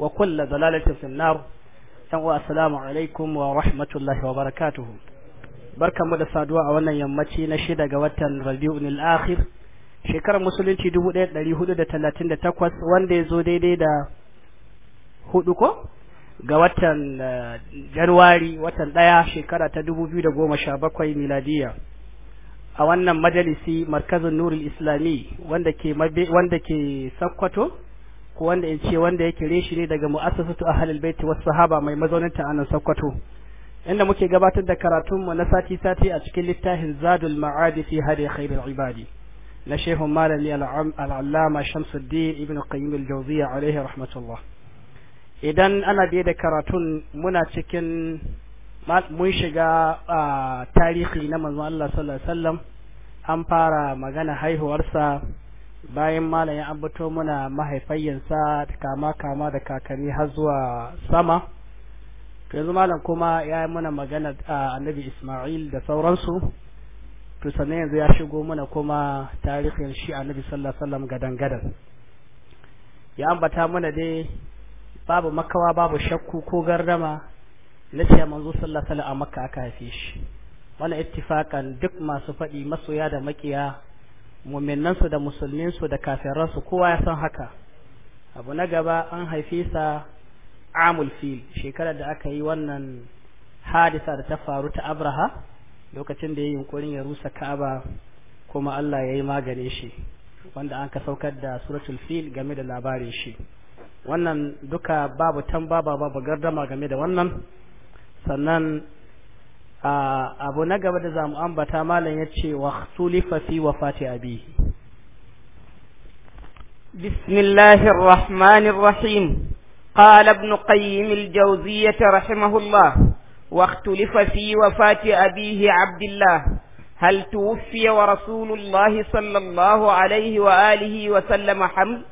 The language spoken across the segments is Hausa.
Wa kulla dalalin tifin na mu yan uwa alaikum wa rahmatullahi wa barakatuhu. Barka da Saduwa a wannan yammaci na shida ga watan balbi in Shekarar musulunci dubu ɗaya da ɗari huɗun wanda ya daidai da hudu ko. Ga watan eh, Januwari watan ɗaya shekara ta dubu biyu bakwai na A wannan majalisi markazin nurin islami wanda ke mabi wanda ke sakwato. ko wanda in ce wanda ya kire shi ne daga mu'assasatu ahlul baiti was sahaba mai mazaunin ta anan Sokoto inda muke gabatar da karatun mu na sati sati a cikin littafin Zadul Ma'ad fi Hadi Khairul Ibadi na Sheikh Malami Al-Allama Shamsuddin Ibn Qayyim Al-Jawziyya alaihi rahmatullah idan ana biye da karatun muna cikin mun shiga tarihi na manzon Allah sallallahu alaihi wasallam an fara magana haihuwarsa bayan malam ya ambato muna mahaifayyansa kama kama da kakanni har zuwa sama to yanzu malam kuma ya yi muna magana a annabi Ismail da sauransu to sannan yanzu ya shigo mana kuma tarihin shi annabi sallallahu alaihi wasallam gadan gadan ya ambata muna dai babu makawa babu shakku ko gardama na cewa manzo sallallahu alaihi wasallam a makka aka haife shi wannan ittifakan duk masu faɗi masoya da makiya muminansu da musulminsu da kafiransu kowa ya san haka abu na gaba an haife sa amul fil shekarar da aka yi wannan hadisa da ta faru ta abraha lokacin da ya yi yunkurin ya rusa ka'aba kuma Allah ya yi magane shi wanda an ka saukar da suratul fil game da labarin shi wannan duka babu tambaba babu gardama game da wannan sannan abu na gaba da zamu ambata malam yace wa khulifa fi wafati abi بسم الله الرحمن الرحيم قال ابن قيم الجوزية رحمه الله واختلف في وفاة أبيه عبد الله هل توفي ورسول الله صلى الله عليه وآله وسلم حمل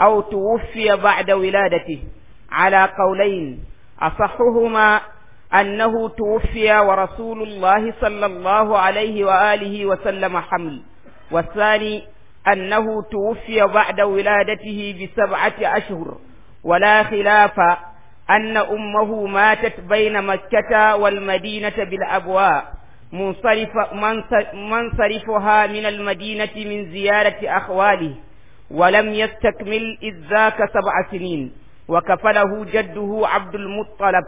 أو توفي بعد ولادته على قولين أصحهما أنه توفي ورسول الله صلى الله عليه وآله وسلم حمل والثاني أنه توفي بعد ولادته بسبعة أشهر ولا خلاف أن أمه ماتت بين مكة والمدينة بالأبواء منصرف منصرفها من المدينة من زيارة أخواله ولم يستكمل إذ ذاك سبع سنين وكفله جده عبد المطلب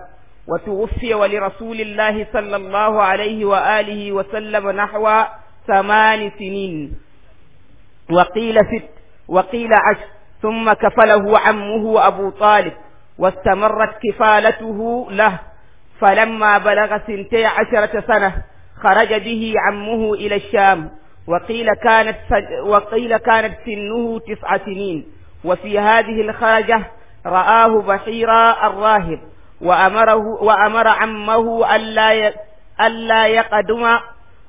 وتوفي ولرسول الله صلى الله عليه وآله وسلم نحو ثمان سنين وقيل ست وقيل عشر ثم كفله عمه أبو طالب واستمرت كفالته له فلما بلغ سنتي عشرة سنة خرج به عمه إلى الشام وقيل كانت وقيل كانت سنه تسع سنين وفي هذه الخرجة رآه بحيرا الراهب وأمره وأمر عمه ألا ألا يقدم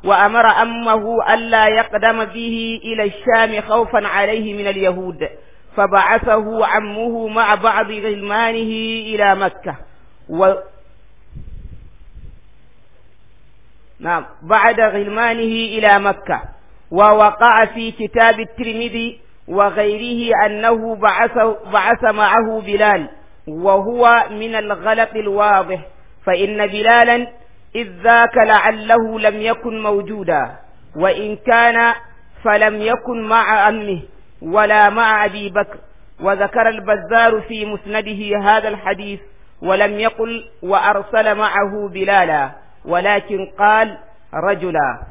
وأمر أمه ألا يقدم به إلى الشام خوفا عليه من اليهود فبعثه عمه مع بعض غلمانه إلى مكة و نعم بعد غلمانه إلى مكة ووقع في كتاب الترمذي وغيره أنه بعث, بعث معه بلال وهو من الغلط الواضح فإن بلالا إذ ذاك لعله لم يكن موجودا وإن كان فلم يكن مع أمه ولا مع أبي بكر وذكر البزار في مسنده هذا الحديث ولم يقل وأرسل معه بلالا ولكن قال رجلا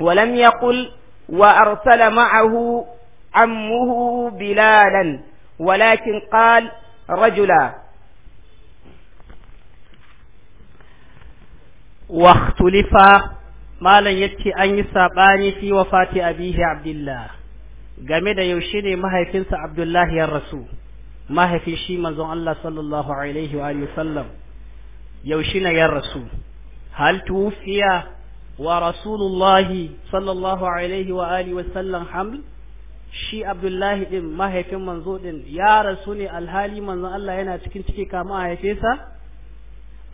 ولم يقل وأرسل معه عمه بلالا ولكن قال رجلا واختلف malam ya ce an yi saɓani fi wafati abihi abdullah game da yaushe ne mahaifinsa abdullahi ya rasu mahaifin shi manzon Allah sallallahu alaihi wa sallam yaushe ne ya rasu hal tufiya wa rasulullahi sallallahu alaihi wa alihi wa sallam haml shi abdullahi din mahaifin manzo din ya rasu ne alhali manzo Allah yana cikin ciki kama a haife sa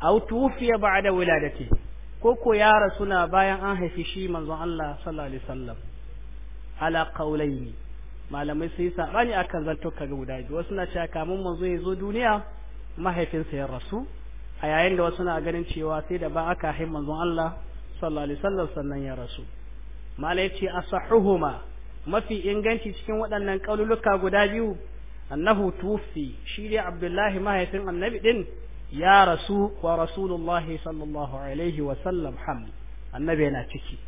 aw tufiya ba'da wiladati ko ko ya rasu na bayan an haifi shi manzo Allah sallallahu alaihi wasallam ala qaulaini malamai sai sabani akan zanto kaga guda biyu wasu na cewa kamun manzo ya zo duniya mahaifinsa ya rasu a yayin da wasu na ganin cewa sai da ba aka haifi manzon Allah sallallahu alaihi wasallam sannan ya rasu malai ce asahuhuma mafi inganci cikin waɗannan ƙaululuka guda biyu annahu tufi shi dai abdullahi mahaifin annabi ɗin ya rasu wa rasulullahi sallallahu alaihi wa sallam ham annabi yana ciki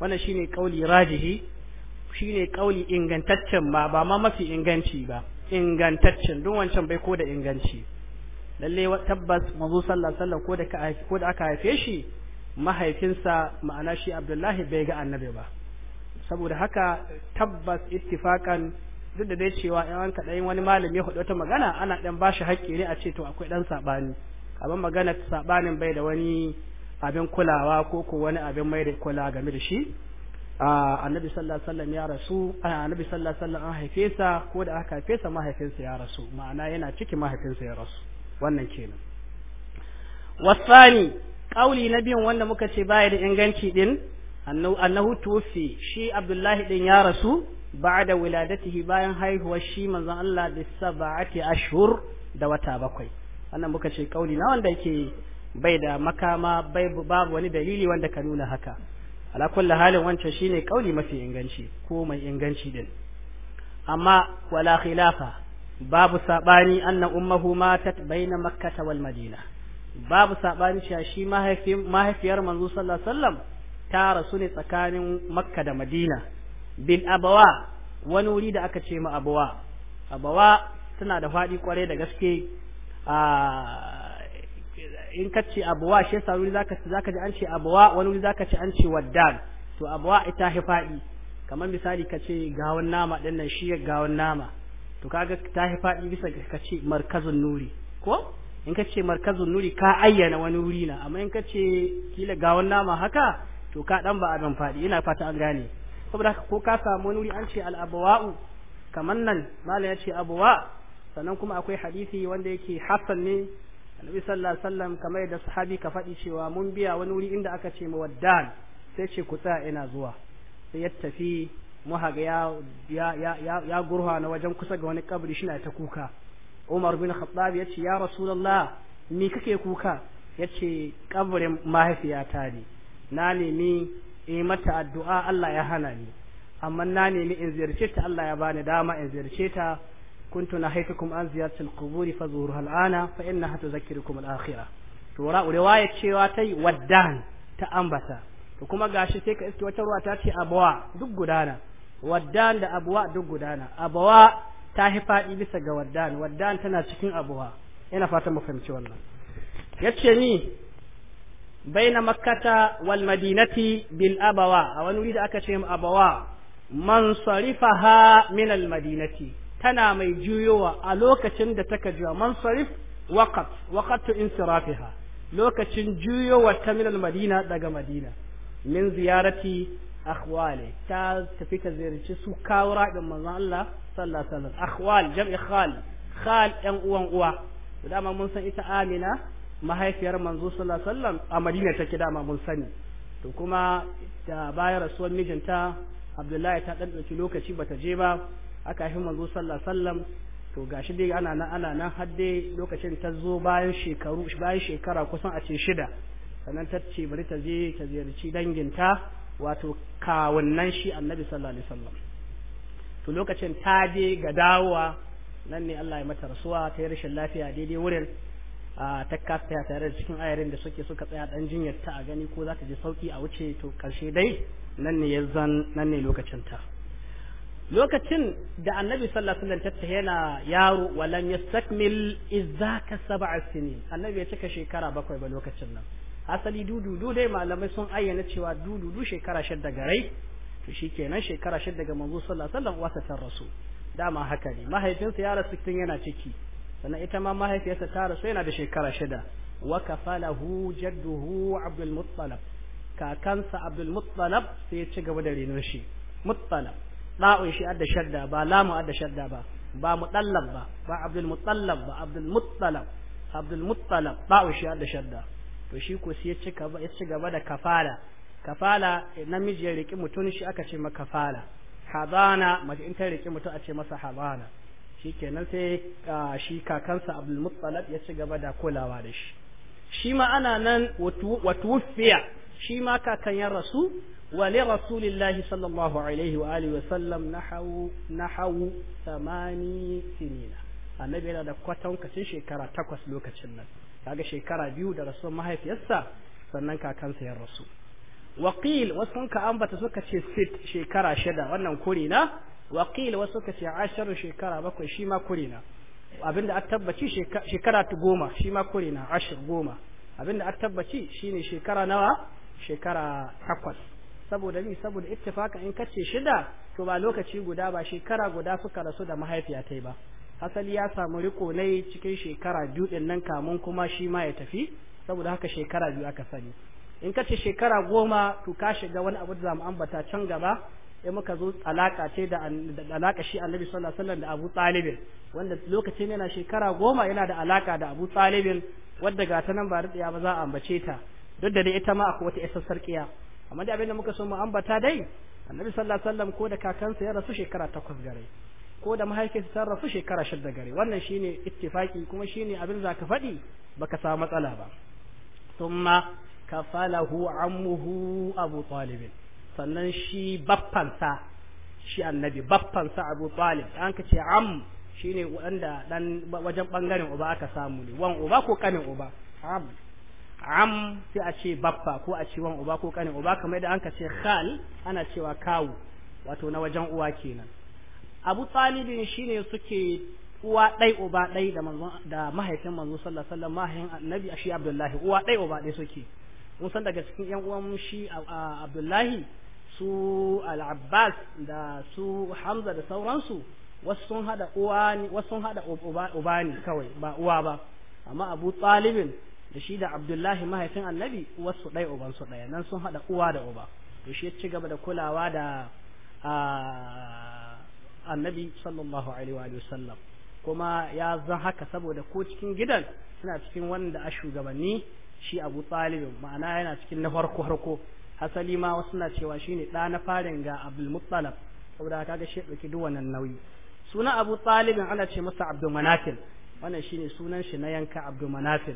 wannan shine kauli rajihi shine kauli ingantaccen ba ba ma mafi inganci ba ingantaccen duk wancan bai ko da inganci lalle tabbas manzo sallallahu alaihi ko da ko da aka haife shi mahaifinsa ma'ana shi abdullahi bai ga annabi ba saboda haka tabbas ittifakan duk da dai cewa in an wani malami ya faɗi wata magana ana ɗan ba shi haƙƙi ne a ce to akwai ɗan saɓani amma magana saɓanin bai da wani abin kulawa ko ko wani abin mai da kula game da shi annabi sallallahu alaihi ya rasu annabi sallallahu alaihi wasallam an haife sa ko da aka haife sa mahaifinsa ya rasu ma'ana yana ciki mahaifinsa ya rasu wannan kenan wasani kauli na biyun wanda muka ce baya da inganci din annahu tuwfi shi abdullahi din ya rasu ba'da wiladatihi bayan haihuwar shi manzon Allah bi sab'ati ashhur da wata bakwai wannan muka ce kauli na wanda yake bai da makama bai babu wani dalili wanda ka nuna haka ala kulli halin wancan shine kauli mafi inganci ko mai inganci din amma wala khilafa babu sabani anna ummuhu matat baina makkah wal madina babu sabani cewa shi mahaifiyar manzo sallallahu alaihi wasallam ta rasu ne tsakanin makka da madina bil abawa wani wuri da aka ce ma abawa abawa suna da faɗi kwarai da gaske a in ka ce abawa shi yasa wuri zaka zaka ji an ce abawa wani wuri zaka ce an ce waddan to abawa ita hi fadi kamar misali ka ce gawon nama din nan shi gawon nama to kaga ta hi fadi bisa ka ce markazun nuri ko in ka ce markazun nuri ka ayyana wani wuri na amma in ka ce kila gawon nama haka to ka dan ba faɗi ina fata an gane saboda ko ka samu wani wuri an ce al'abawa'u kamar nan malam ya ce abuwa sannan kuma akwai hadisi wanda yake hasan ne annabi sallallahu alaihi wasallam kamar da sahabi ka faɗi cewa mun biya wani wuri inda aka ce mawaddan sai ce ku tsaya ina zuwa sai ya tafi muhaga ya ya ya ya gurha na wajen kusa ga wani kabri shi na ta kuka Umar bin Khattab ya ce ya Rasulullah ni kake kuka yace kabarin mahaifiyata ne na nemi in mata addu'a Allah ya hana ni amma na nemi in ziyarce ta Allah ya bani dama in ziyarce ta kuntu na kuma an ziyarci kuburi fa zuhuru al'ana fa inna hatu zakirukum al-akhira to ra riwaya cewa ta yi waddan ta ambata to kuma gashi sai ka iske wata ruwa ta ce abawa duk gudana waddan da abawa duk gudana abawa ta fi faɗi bisa ga waddan waddan tana cikin abawa ina fatan mu fahimci wannan yace ni baina makkata wal madinati bil abawa a wani wuri da aka ce abawa man sarifaha madinati tana mai juyowa a lokacin da taka juya man sarif waqt waqtu insirafiha lokacin juyowa ta min madina daga madina min ziyarati akhwale ta tafi ta ziyarci su kawura din manzon Allah sallallahu alaihi akhwal jam'i khal khal ɗan uwan uwa dama mun san ita Amina mahaifiyar manzo sallallahu alaihi wasallam a madina take dama mun sani to kuma da bayan rasuwar mijinta abdullahi ta dan dauki lokaci bata je ba aka haifi manzo sallallahu alaihi to gashi dai ana nan ana nan har dai lokacin ta zo bayan shekaru bayan shekara kusan a ce shida sannan ta ce bari ta je ta ziyarci danginta wato kawunnan shi annabi sallallahu alaihi wasallam to lokacin ta je ga dawowa nan ne Allah ya mata rasuwa ta yi rashin lafiya daidai wurin a ta tare da cikin ayarin da suke suka tsaya dan jinyar ta a gani ko za ta je sauki a wuce to karshe dai nan ne ya zan nan ne lokacin ta lokacin da annabi sallallahu alaihi wasallam yana yaro walan yastakmil izaka sab'a sinin annabi ya cika shekara bakwai ba lokacin nan asali dududu dai malamai sun ayyana cewa dududu shekara shidda garai to shikenan shekara shidda ga manzo sallallahu alaihi wasallam wasa rasu dama haka ne mahaifinsa ya rasu yana ciki sannan ita ma mahaifiyarsa ta rasu yana da shekara shida wa kafalahu jadduhu abdul muttalab kakansa abdul muttalab sai ya ci gaba da renon shi muttalab da'un shi adda shadda ba lamu adda shadda ba ba mutallab ba ba abdul mutallab ba abdul muttalab abdul muttalab da'un shi adda shadda to shi ko sai ya ci gaba ya ci gaba da kafala kafala namiji ya riki mutum shi aka ce ma kafala hadana mace in ta riki mutum a ce masa hadana shi kenan sai shi kakansa Abdul ya ci gaba da kulawa da shi shi ma ana nan watu tuwfiya shi ma kakan ya rasu wa li rasulillahi sallallahu alaihi wa alihi wa sallam nahawu nahawu samani sinina annabi yana da kwatan kacin shekara takwas lokacin nan kaga shekara biyu da rasuwar mahaifiyarsa sannan kakansa ya rasu Wakil wasu ka ambata suka ce sit shekara shida wannan kuri na وقيل وسكت shekara bakwai بكو شيما abin abinda a tabbaci shekara ta goma shi ma kure na ashir goma abinda a tabbaci shine shekara nawa shekara takwas saboda ni saboda ittifaka in kace shida to ba lokaci guda ba shekara guda suka rasu da mahaifiya ta ba hasali ya samu riko ne cikin shekara biyu din nan kamun kuma shi ma ya tafi saboda haka shekara biyu aka sani in kace shekara goma to ka shiga wani abu da zamu ambata can gaba sai muka zo alaka ce da alaka shi annabi sallallahu alaihi wasallam da Abu Talib wanda lokacin yana shekara goma yana da alaka da Abu Talib wadda ga ta nan ba riya ba za a ambace ta duk da dai ita ma akwai wata isar sarkiya amma dai abinda muka so mu ambata dai annabi sallallahu alaihi wasallam ko da kakansa ya rasu shekara takwas gare ko da mahaifinsa ta rasu shekara shidda gare wannan shine ittifaki kuma shine abin zaka faɗi baka samu matsala ba thumma kafalahu ammuhu abu talib sannan shi baffansa shi annabi baffansa abu talib an ka ce am shi ne wanda dan wajen bangaren uba aka samu ne wan uba ko kanin uba am am sai a ce baffa ko a ce wan uba ko kanin uba kamar yadda an ka ce khal ana cewa kawu wato na wajen uwa kenan abu talibin shine suke uwa ɗai uba ɗai da manzo da mahaifin manzo sallallahu alaihi wasallam mahaifin annabi shi abdullahi uwa ɗai uba ɗai suke mun san daga cikin yan uwan shi abdullahi su al da su hamza da sauransu wasu sun hada uwa uba ne kawai ba uwa ba amma abu talibin da shi da abdullahi mahaifin annabi wasu ɗaya uban su ɗaya nan sun hada uwa da uba to shi ya ci gaba da kulawa da annabi sallallahu alaihi wa sallam kuma ya zan haka saboda ko cikin gidan suna cikin wanda a shugabanni shi abu talibin ma'ana yana cikin na farko harko hasali ma wasu na cewa shine ɗa na farin ga abdul muttalab saboda kaga shi ɗauki duk wannan nauyi sunan abu talibin ana ce masa abdul manafil wannan shine sunan shi na yanka abdul manafil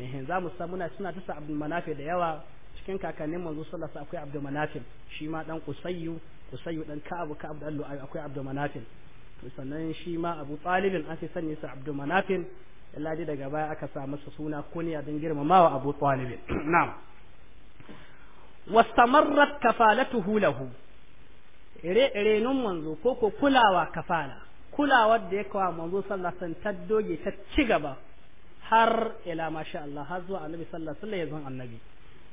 eh za mu san muna suna tasa abdul manafil da yawa cikin kakannin manzo sallallahu alaihi akwai abdul manafil shi ma dan kusayyu kusayyu dan ka'abu ka'ab dan lu'ay akwai abdul manafil to sannan shi ma abu talibin an sai sanya sa abdul manafil illa daga baya aka sa masa suna kunya don girmamawa abu talibin na'am wastamarrat kafalatuhu lahu renon manzo ko ko kulawa kafala kulawar da ya kawo manzo sallallahu alaihi wasallam ta doge ta ci gaba har ila masha Allah har zuwa annabi sallallahu alaihi wasallam annabi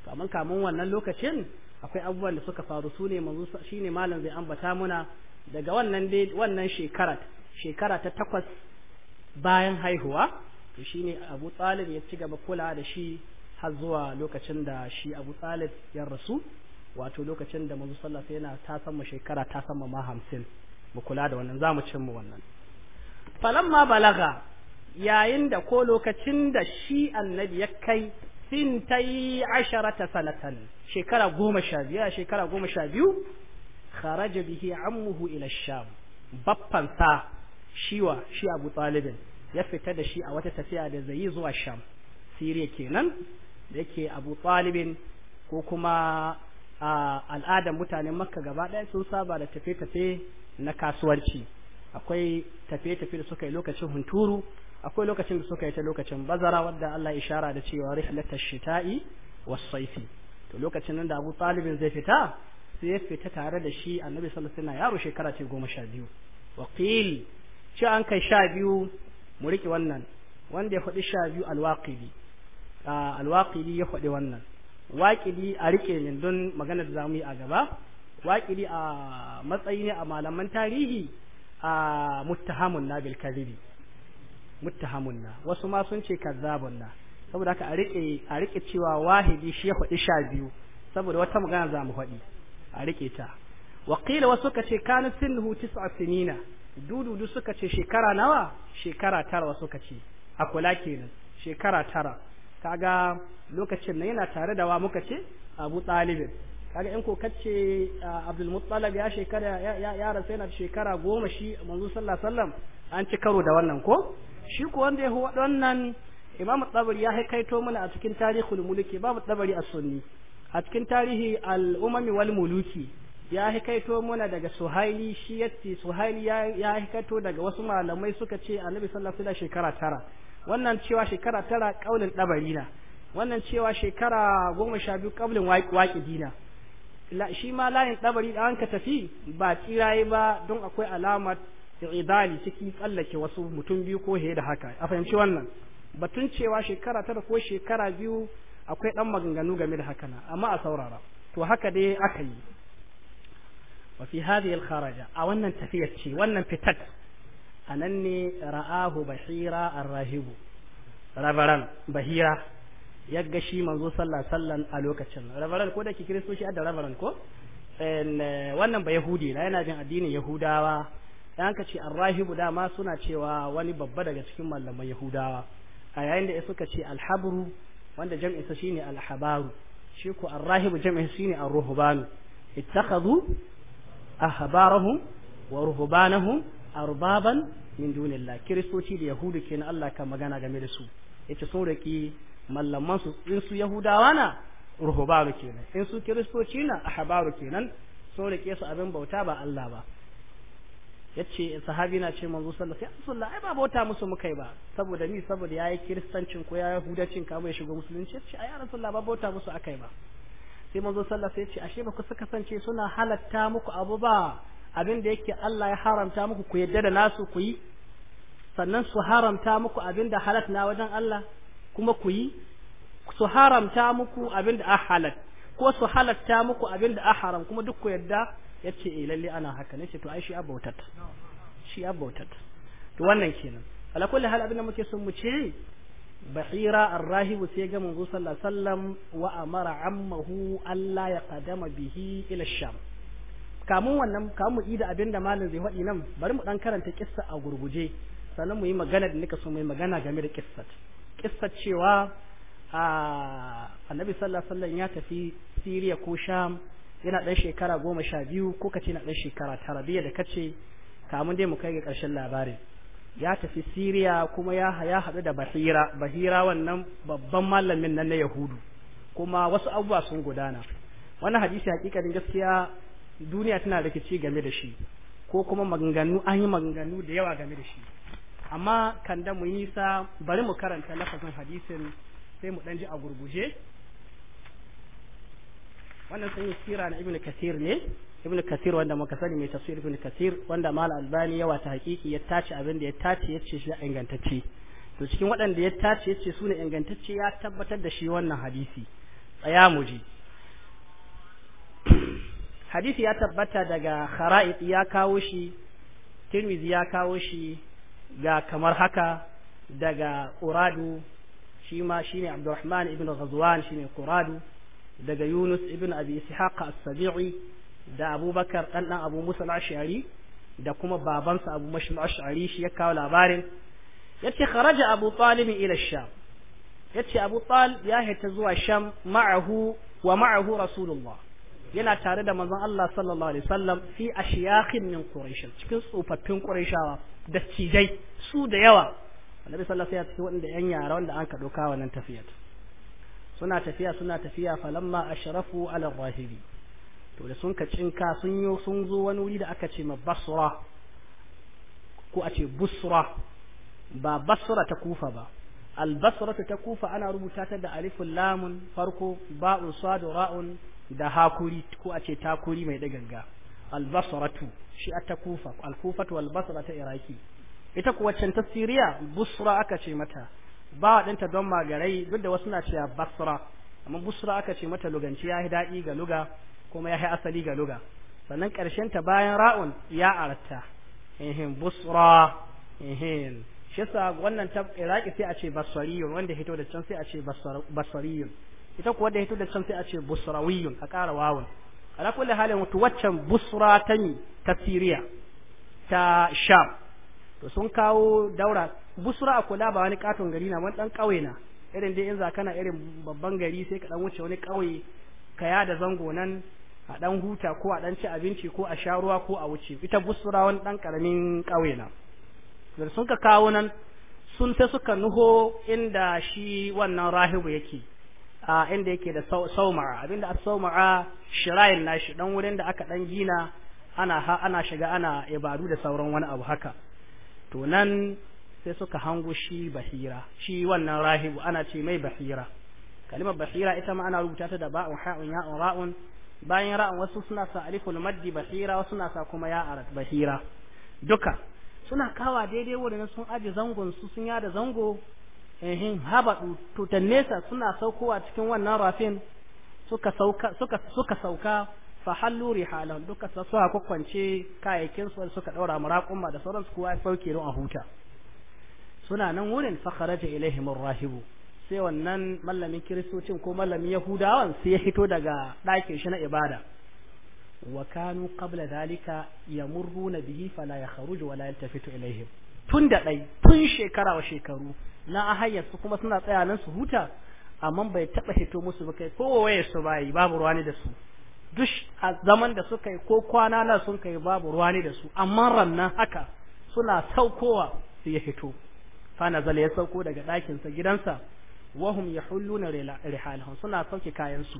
kaman kamun wannan lokacin akwai abubuwan da suka faru su ne manzo shine malam zai ambata muna daga wannan dai wannan shekara shekara ta takwas bayan haihuwa to shine Abu Talib ya ci gaba kula da shi har zuwa lokacin da shi Abu Talib ya rasu wato lokacin da mazu sallafa yana ta sama shekara ta sama ma hamsin mu kula da wannan za mu cin mu wannan ma balaga yayin da ko lokacin da shi annabi ya kai sintai asharata sanatan shekara goma sha biyu shekara goma sha biyu kharaja bihi ammuhu ila sham sa shiwa shi abu talibin ya fita da shi a wata tafiya da zai yi zuwa sham siriya kenan da yake abu talibin ko kuma al'adar mutanen makka gaba ɗaya sun saba da tafe-tafe na kasuwanci akwai tafe-tafe da suka yi lokacin hunturu akwai lokacin da suka yi ta lokacin bazara wadda Allah ishara da cewa rihlatar shita'i wasaifi to lokacin nan da abu talibin zai fita sai ya fita tare da shi annabi sallallahu alaihi yaro shekara ce goma sha biyu waqil ci an kai sha biyu mu riƙe wannan wanda ya faɗi sha biyu alwaqibi Ah, alwaqidi ya faɗi wannan waƙidi a riƙe min don magana da zamu yi a gaba waƙidi a matsayi ne a malaman tarihi a muttahamun na bil muttahamun na wasu ma sun ce kazzabun na saboda haka a riƙe cewa wahidi shi ya faɗi sha biyu saboda wata magana za mu faɗi a riƙe ta waƙila wasu suka ce kanu sinuhu tis'a sinina dududu suka ce shekara nawa shekara tara wasu suka ce a kula kenan shekara tara kaga lokacin nan yana tare da wa muka ce Abu talibin kaga in ko kace Abdul Muttalib ya shekara ya rasu yana shekara goma shi manzo sallallahu sallam an ci karo da wannan ko shi ko wanda ya huwa wannan Imam Tabari ya haikaito mana a cikin tarihul mulki babu Tabari a sunni a cikin tarihi al-umami wal muluki ya haikaito muna daga suhaili shi yatti suhaili ya haikaito daga wasu malamai suka ce annabi sallallahu alaihi wasallam shekara tara wannan cewa shekara tara kaulin ɗabari na wannan cewa shekara goma sha biyu kaulin waƙi dina shi ma layin ɗabari da an ka tafi ba tsiraye ba don akwai alamar idali ciki tsallake wasu mutum biyu ko he da haka a fahimci wannan batun cewa shekara tara ko shekara biyu akwai ɗan maganganu game da haka na amma a saurara to haka dai aka yi wa fi hadhihi al-kharaja a wannan tafiyar ce wannan fitar anan ne ra'ahu bahira arrahibu rabaran bahira yagga shi manzo sallallahu sallan a lokacin rabaran ko da ke kiristoci adda rabaran ko eh, wannan ba yahudi na yana jin addinin yahudawa dan ka ce arrahibu dama suna cewa wani babba daga cikin mallamai yahudawa a yayin da suka ce alhabru wanda jam'insa shine alhabaru shi ko arrahibu jam'i shine arruhbanu ittakhadhu ahbarahum wa ruhbanahum arbaban min dunillah kiristoci da yahudu kenan Allah Ka magana game da su yace sauraki mallaman su in su yahudawa na ruhubaru kenan in su kiristoci na ahbaru kenan saurake su abin bauta ba Allah ba yace sahabi na ce manzo sallallahu alaihi wasallam ai ba bauta musu mukai ba saboda ni saboda yayi kristancin ko yayi yahudancin ka mai shiga musulunci yace ai rasulullah ba bauta musu akai ba sai manzo sallallahu alaihi wasallam ya ce ashe ba ku suka sance suna halatta muku abu ba abin da yake Allah ya haramta muku ku yadda da nasu ku yi sannan su haramta muku abin da halat na wajen Allah kuma ku yi su haramta muku abin da ahalat ko su halatta muku abin da haram kuma duk ku yadda yace eh lalle ana haka ne to ai shi abautat shi abautat to wannan kenan ala kulli hal abin da muke son mu ce bahira arrahib sai ga manzo sallallahu alaihi wasallam wa amara ammahu alla ya qadama bihi ila sham kamun wannan kamun ida abin da malam zai faɗi nan bari mu ɗan karanta kissa a gurguje sannan mu yi magana da nika so mu yi magana game da kissat kissat cewa a annabi sallallahu alaihi wasallam ya tafi Siriya ko Sham yana dan shekara goma sha biyu ko kace na dan shekara tara biyar da kace kamun dai mu kai ga karshen labarin ya tafi Siriya kuma ya ya haɗu da Bahira Bahira wannan babban mallamin nan na Yahudu kuma wasu abubuwa sun gudana wannan hadisi hakikanin gaskiya duniya tana rikici game da shi ko kuma maganganu an yi maganganu da yawa game da shi amma kan da mu nisa bari mu karanta lafazin hadisin sai mu dan ji a gurguje wannan sun sira na ibnu kasir ne ibnu kasir wanda muka sani mai tafsir Ibn kasir wanda mal albani yawa ta hakiki ya tace abin da ya tace ya ce shi ingantacce to cikin waɗanda ya tace ya ce su ne ingantacce ya tabbatar da shi wannan hadisi tsaya mu ji hadisi ya tabbata daga khara'id ya kawo shi tirmizi ya kawo shi ga kamar haka daga uradu shi ma shine abdurrahman ibn ghazwan ne quradu daga yunus ibn abi ishaq as-sabi'i da abubakar dan dan abu musa al-ash'ari da kuma babansa abu mashmu ash'ari shi ya kawo labarin yace kharaja abu talib ila sham yace abu talib ya hita zuwa sham ma'ahu wa ma'ahu rasulullah yana tare da manzon Allah sallallahu alaihi wasallam fi ashiyakhin min quraish cikin tsofaffin quraishawa da cijai su da yawa annabi sallallahu alaihi wasallam wanda yan yara wanda an ka doka wannan tafiyar suna tafiya suna tafiya falamma ashrafu ala rahibi to da sun ka cinka sun yo sun zo wani wuri da aka ce ma basra ko a ce busra ba basra ta kufa ba albasra ta kufa ana rubuta ta da alifun lamun farko ba'un sadu ra'un da hakuri ko a ce takuri mai dagagga albasaratu shi a ta kufa alkufatu albasara ta iraki ita kuwa can ta siriya busra aka ce mata ba ɗinta don magarai duk da wasu na cewa basra amma busra aka ce mata luganci ya yi daɗi ga luga kuma ya yi asali ga luga sannan ƙarshen ta bayan ra'un ya arta ehin busra ehin shi yasa wannan ta iraki sai a ce basariyun wanda hito da can sai a ce basariyun ita kuwa da hito da can sai a ce busrawiyun a ƙara wawun ala kulli halin wato waccan busra ta ni ta siriya ta sham to sun kawo daura busra a kula ba wani katon gari na wani dan kauye na irin dai in kana irin babban gari sai ka dan wuce wani kauye ka da zango nan a dan huta ko a dan ci abinci ko a sha ruwa ko a wuce ita busra wani dan karamin kauye na sun ka kawo nan sun ta suka nuho inda shi wannan rahibu yake a inda yake da saumara abinda a saumara shirayin nashi dan wurin da aka dan gina ana ha ana shiga ana ibadu da sauran wani abu haka to nan sai suka hango shi bahira shi wannan rahibu ana ce mai bahira kalimar bahira ita ma ana rubuta ta da ba'un ha'un ya'un ra'un bayan ra'un wasu suna sa aliful maddi bahira wasu suna sa kuma ya arat bahira duka suna kawa daidai wurin sun aje zangon su sun yada zango ehin habadu tutan nesa suna saukowa cikin wannan rafin suka sauka suka suka sauka fa hallu rihalan duka su suka kwakwance kayayyakin su suka daura muraqumma da sauransu kowa ya sauke don a huta suna nan wurin fa kharaja ilaihim rahibu sai wannan mallamin kiristocin ko mallamin yahudawan sai ya hito daga ɗakin shi na ibada wa kanu qabla dhalika yamurruna bihi fala yakhruju wala yaltafitu ilaihim tun da ɗai tun shekara wa shekaru na ahayyar su kuma suna tsaya nan su huta amma bai taɓa hito musu ba kai ko waye su bayi babu ruwa ne da su duk a zaman da suka yi ko kwana na sun kai babu ruwa ne da su amma rannan haka suna saukowa su ya hito fana ya sauko daga sa gidansa wahum yahulluna rihalahum suna sauke kayan su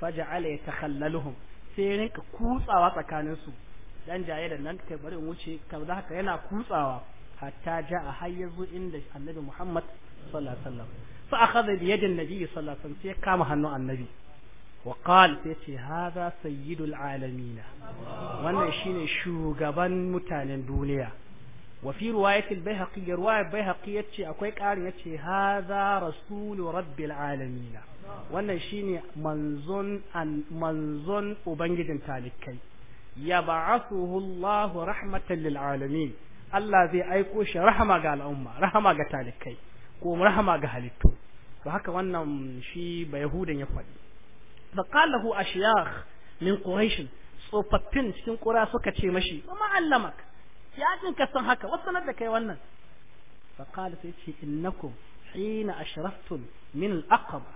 faja'ala yatakhallaluhum sai ya rinka kutsawa tsakanin su dan jaye da nan kai bari in wuce kaza haka yana kutsawa hatta ja'a har yazo inda annabi Muhammad sallallahu alaihi wasallam fa akhadha bi yadi annabi sallallahu alaihi wasallam sai kama hannu annabi wa qala sai ce hadha sayyidul alamin wannan shine shugaban mutanen duniya wa fi riwayat al-bayhaqi riwayat bayhaqi yace akwai karin yace hadha rasulu rabbil alamin wannan shine manzon an manzon ubangijin talikai yab'athuhu Allah rahmatan lil alamin Allah zai aiko shi rahama ga al'umma rahama ga talikai ko rahama ga halittu to haka wannan shi ba yahudan ya faɗi fa qalahu ashyakh min quraish tsofaffin cikin qura suka ce mashi ma allamak ya jin ka san haka wasu da kai wannan fa qala sai ce innakum hina ashraftum min al-aqaba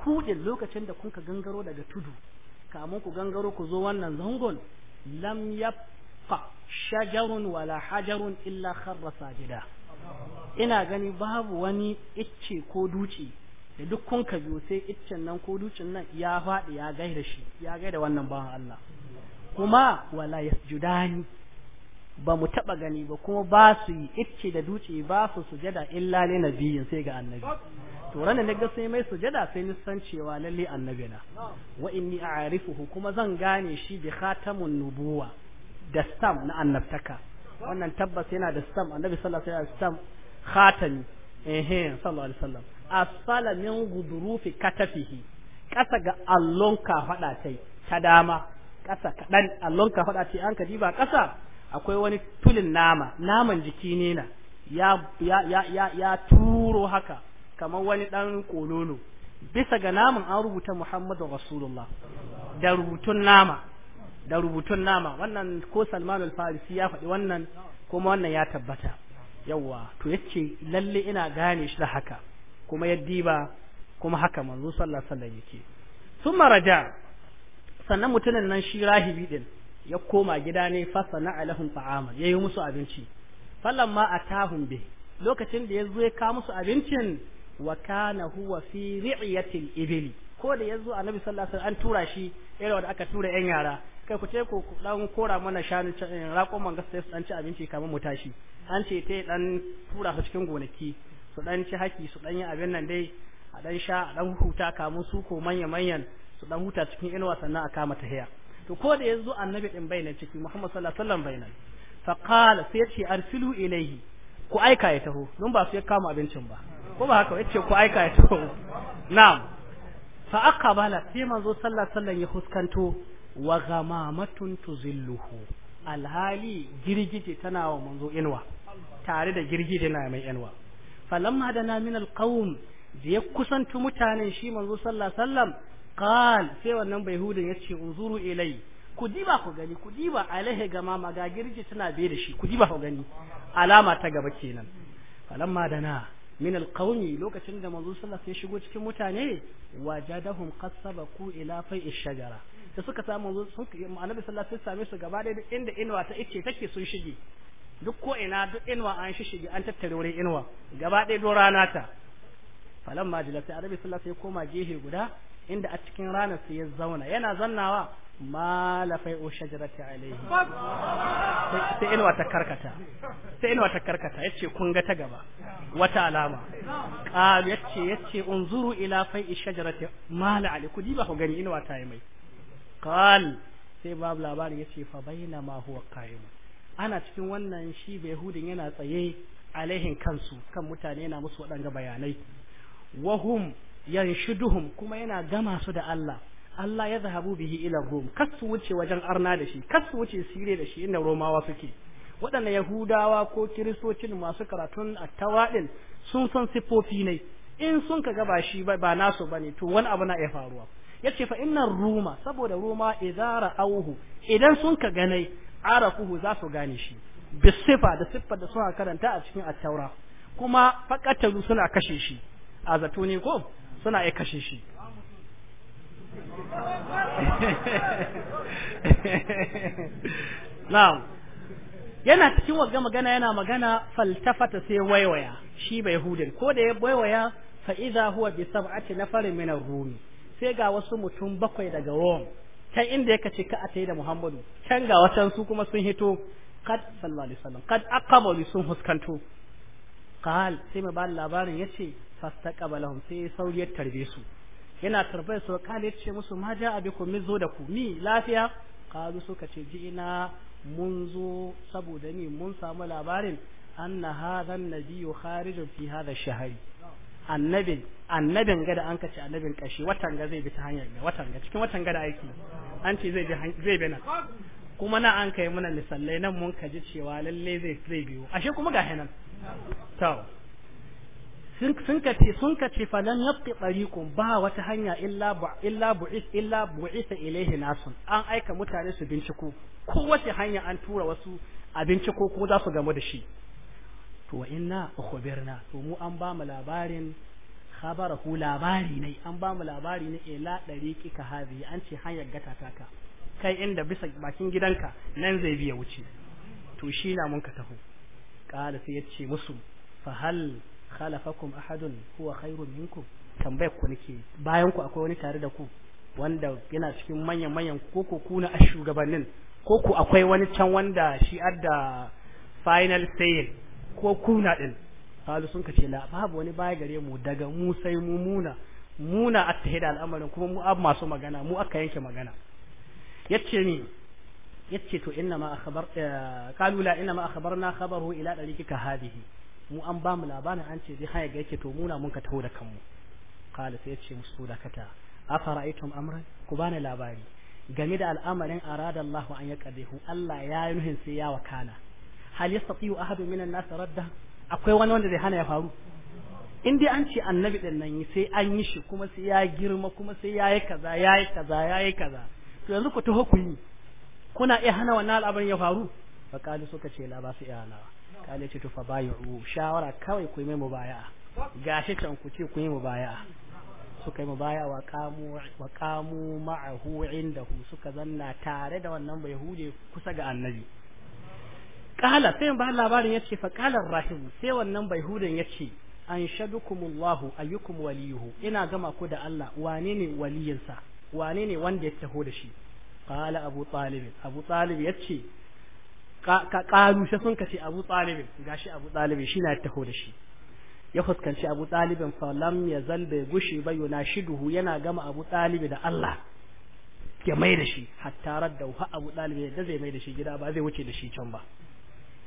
ku din lokacin da kun ka gangaro daga tudu kamun ku gangaro ku zo wannan zangon lam yab يشقى شجر wala حجر illa خر ساجدا ina gani babu wani icce ko duci da duk kun ka biyo sai iccen nan ko ducin nan ya faɗi ya gaida shi ya gaida wannan bawan Allah kuma wala yasjudani ba mu taba gani ba kuma ba su yi icce da duci ba su sujada illa li nabiyin sai ga annabi to ran da ga sai mai sujada sai ni san cewa lalle annabi na wa inni a'rifuhu kuma zan gane shi bi khatamun nubuwa da stam na annabtaka wannan tabbas yana da stam annabi sallallahu alaihi wasallam khatami eh sallallahu alaihi wasallam asala min gudurufi katafihi kasa ga allon ka fada tai ta dama kasa kadan allon ka fada tai an ka diba kasa akwai wani tulin nama naman jiki ne na ya ya ya ya turo haka kamar wani dan kololo bisa ga naman an rubuta Muhammadu Rasulullah da rubutun nama da rubutun nama wannan ko salmanul farisi ya faɗi wannan kuma wannan ya tabbata yawwa to yace lalle ina gane shi da haka kuma ya diba kuma haka manzo sallallahu alaihi wasallam yake sun maraja sannan mutumin nan shi rahibi din ya koma gida ne fasana alahum ta'ama yayi musu abinci falamma atahum bi lokacin da yazo ya ka musu abincin wa kana huwa fi ri'yatil ibli ko da yazo annabi sallallahu alaihi wasallam an tura shi irin wanda aka tura yan yara kai ku ce ku dan kora mana shanu eh, raƙon manga sai su dan ci abinci kamar mu tashi an ce ta dan tura su cikin gonaki su dan ci haki su dan yi abin nan dai a dan sha a dan huta kamar su ko manya manyan su dan huta cikin inuwa sannan a kama ta haya to ko da yanzu annabi din bai nan ciki Muhammad sallallahu alaihi wasallam bai nan fa qala sai yace arsilu ilayhi ku aika ya taho don ba su ya kama abincin ba ko ba haka yace ku aika ya taho na'am fa aqbala sai manzo sallallahu alaihi wasallam ya huskanto wa ghamamatun tuzilluhu alhali girgije tana wa manzo inwa tare da girgije na mai inwa falamma hadana min alqawm da ya kusantu mutanen shi manzo sallallahu alaihi wasallam qal sai wannan bayhudin yace unzuru ilai ku diba ku gani ku diba alaihi gama maga girgije tana bai da shi ku diba ku gani alama ta gaba kenan falamma dana min alqawmi lokacin da manzo sallallahu alaihi wasallam ya shigo cikin mutane wajadahum qad sabaku ila fai'ish shajara da suka samu sun annabi sallallahu alaihi wasallam su gaba da inda inuwa ta ice take sun shige duk ko ina duk inuwa an shige an tattare wurin inuwa gaba ɗaya do rana ta falan majila sai annabi sallallahu alaihi wasallam koma gehe guda inda a cikin ranar sai ya zauna yana zannawa ma fai o shajarati alaihi sai inuwa ta karkata sai inuwa ta karkata yace kun ga ta gaba wata alama qal yace yace unzuru ila fai shajarati mala ali ku diba ku gani inuwa ta yi mai kal sai babu labarin ya ce fa ma huwa qa'im ana cikin wannan shi bai yahudin yana tsaye alaihin kansu kan mutane yana musu waɗanga bayanai wahum yanshiduhum kuma yana gama su da Allah Allah ya zahabu bihi ila rum kasu wuce wajen arna da shi kasu wuce sire da shi inda Romawa suke waɗanda Yahudawa ko Kiristocin masu karatun attawaɗin sun san siffofi ne in sun ka gaba shi ba nasu bane to wani abu na iya faruwa Ya ce fa innar ruma saboda ruma idara auhu idan sun ka ganai arafuhu za su gane shi sifa da sifa da suna karanta a cikin attaura kuma fakatalu suna kashe shi a zato ne ko suna iya kashe shi na'am yana cikin wagga magana yana magana faltafata sai waiwaya shi bai hudin ko da ya waiwaya fa idza huwa bi sab'ati nafarin min ar-rumi sai ga wasu mutum bakwai daga Rom can inda yake ce ka atai da Muhammadu can ga watan su kuma sun hito kad sallallahu alaihi wasallam kad aqbalu sun huskanto qal sai mai ba labarin yace fastaqbalahum sai ya tarbe su yana tarbe su kale yace musu ma ja'a bikum min zo da ku ni lafiya qalu suka ce ji ina mun zo saboda ni mun samu labarin anna hadhan nabiyyu kharijun fi hadha shahri annabin annabin gada da an kace annabin kashi watan ga zai bi ta hanyar ne watan ga cikin watan ga da aiki an ce zai bi zai bi nan kuma na an kai muna misallai nan mun kaji cewa lalle zai zai biyo ashe kuma ga hanan to sun sun kace sun kace fa lan yabqi tariqun ba wata hanya illa bu illa bu'is illa bu'isa ilaihi nasun an aika mutane su binciko ko wace hanya an tura wasu a binciko ko za su gamu da shi to wa inna ukhbirna to mu an ba mu labarin khabarahu labari ne an ba mu labari ne ila eh, dariqi ka hazi an ce hanyar gata taka kai inda bisa bakin gidanka nan zai biya wuce to shi na mun ka taho qala sai yace musu fa hal khalafakum ahadun huwa khairun minkum tambaye ku nake bayan ku akwai wani tare da ku wanda yana cikin manyan manyan koko kuna a shugabannin koko akwai wani can wanda shi adda final sale ko kuna din kalu sun kace la babu wani baya gare mu daga mu sai mu muna muna attahida al'amarin kuma mu ab masu magana mu aka yanke magana yace ni yace to inna ma akhbar kalu eh, la inna ma akhbarna khabaru ila dalikika hadihi mu an ba mu labarin an ce zai haya ga yace to muna mun ka taho da kanmu kala sai yace musu da kata afara'aytum amran ku bani labari game da al'amarin arada Allah an yaqadihu Allah ya yi nuhin sai ya wakana hal yastati'u ahadun minan nas radda akwai wani wanda zai hana ya faru in dai an ce annabi din nan sai an yi shi kuma sai ya girma kuma sai ya yi kaza ya yi kaza ya yi kaza to yanzu ku taho ku yi kuna iya hana wannan al'amarin ya faru fa kali suka ce la ba su iya hana kali ce to fa bayu shawara kawai ku yi mai mubaya'a gashi can ku ce ku yi mubaya'a suka yi mubaya wa kamu wa kamu ma'ahu indahu suka zanna tare da wannan bai hude kusa ga annabi kala sai ba labarin yace fa qala rahim sai wannan bai ya yace an shadukumullahu ayyukum waliyuhu ina gama ku da Allah wane ne waliyinsa wane ne wanda ya taho da shi ƙala abu talib abu ya ce ka karu shi sun kace abu talib gashi abu talib shi na taho da shi ya fuskanci abu talibin falam ya zalbe gushi ba yana shiduhu yana gama abu talibi da Allah ya mai da shi hatta radda ha abu talibi da zai mai da shi gida ba zai wuce da shi can ba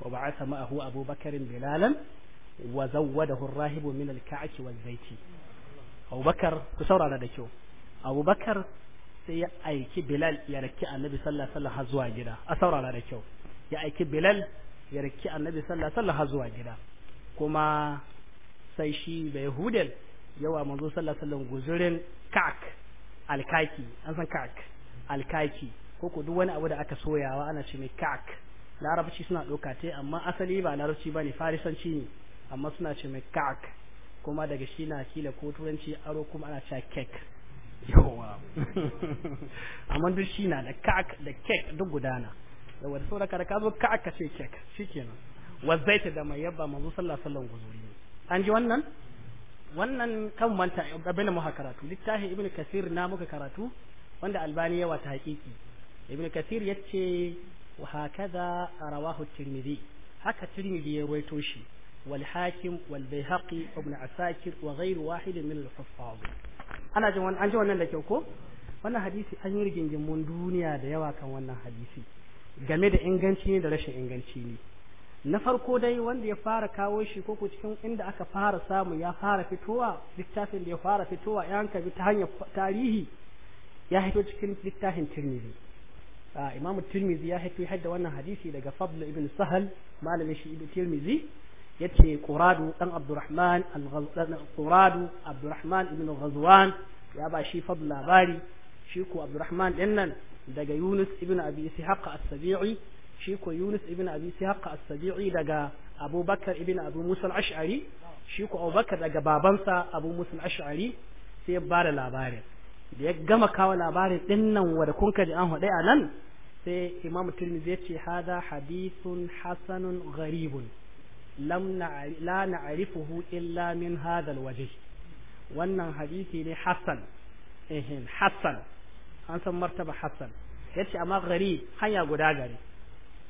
وبعث معه أبو بكر بلالا وزوده الراهب من الكعك والزيت أبو بكر كسور على دكيو أبو بكر sai ya aiki Bilal ya raki annabi sallallahu alaihi zuwa gida a saurara da kyau ya aiki Bilal ya raki annabi sallallahu alaihi zuwa gida kuma sai shi da Yahudel yawa a sallallahu alaihi guzurin kak alkaki an san kak alkaki ko duk wani abu da aka soyawa ana ce mai kak larabci suna ɗauka ta amma asali ba larabci ba ne farisanci ne amma suna ce mai kak kuma daga shi na kila ko turanci aro kuma ana cewa kek yawa amma duk shi na da kak da kek duk gudana da wata sauraka da ka kak ka ce kek shi shikenan wazaita da mai yabba manzo sallah sallan guzuri an ji wannan wannan kan manta abin muka karatu littafin ibnu kasir na muka karatu wanda albani yawa ta hakiki ibnu kasir yace وهكذا رواه الترمذي هكا الترمذي يرويتوشي والحاكم والبيهقي وابن عساكر وغير واحد من الحفاظ أنا جوان أنا جوان kyau ko wannan hadisi an yi rigingimun duniya da yawa kan wannan hadisi game da inganci ne da rashin inganci ne na farko dai wanda ya fara kawo shi ko cikin inda aka fara samu ya fara fitowa littafin da ya fara fitowa ya hanka ta hanyar tarihi ya hito cikin littafin tirmidhi imamu tirmizi ya haifi hadda wannan hadisi daga fadl ibn sahal malamin shi ibn tirmizi yace quradu dan abdurrahman al-ghazwan quradu abdurrahman ibn ghazwan ya ba shi fadl labari shi ko abdurrahman din nan daga yunus ibn abi ishaq as-sabi'i shi ko yunus ibn abi ishaq as-sabi'i daga abubakar ibn abu musa al-ash'ari shi ko abubakar daga babansa abu musa al-ash'ari sai ya ba da labarin da ya gama kawo labarin dinnan wanda kun ka ji an haɗe a nan sai imam tirmidhi ya ce hada hadithun hasanun gharibun lam la na'rifuhu illa min hada alwajh wannan hadisi ne hasan eh hasan an san martaba hasan yace amma gharib hanya guda gari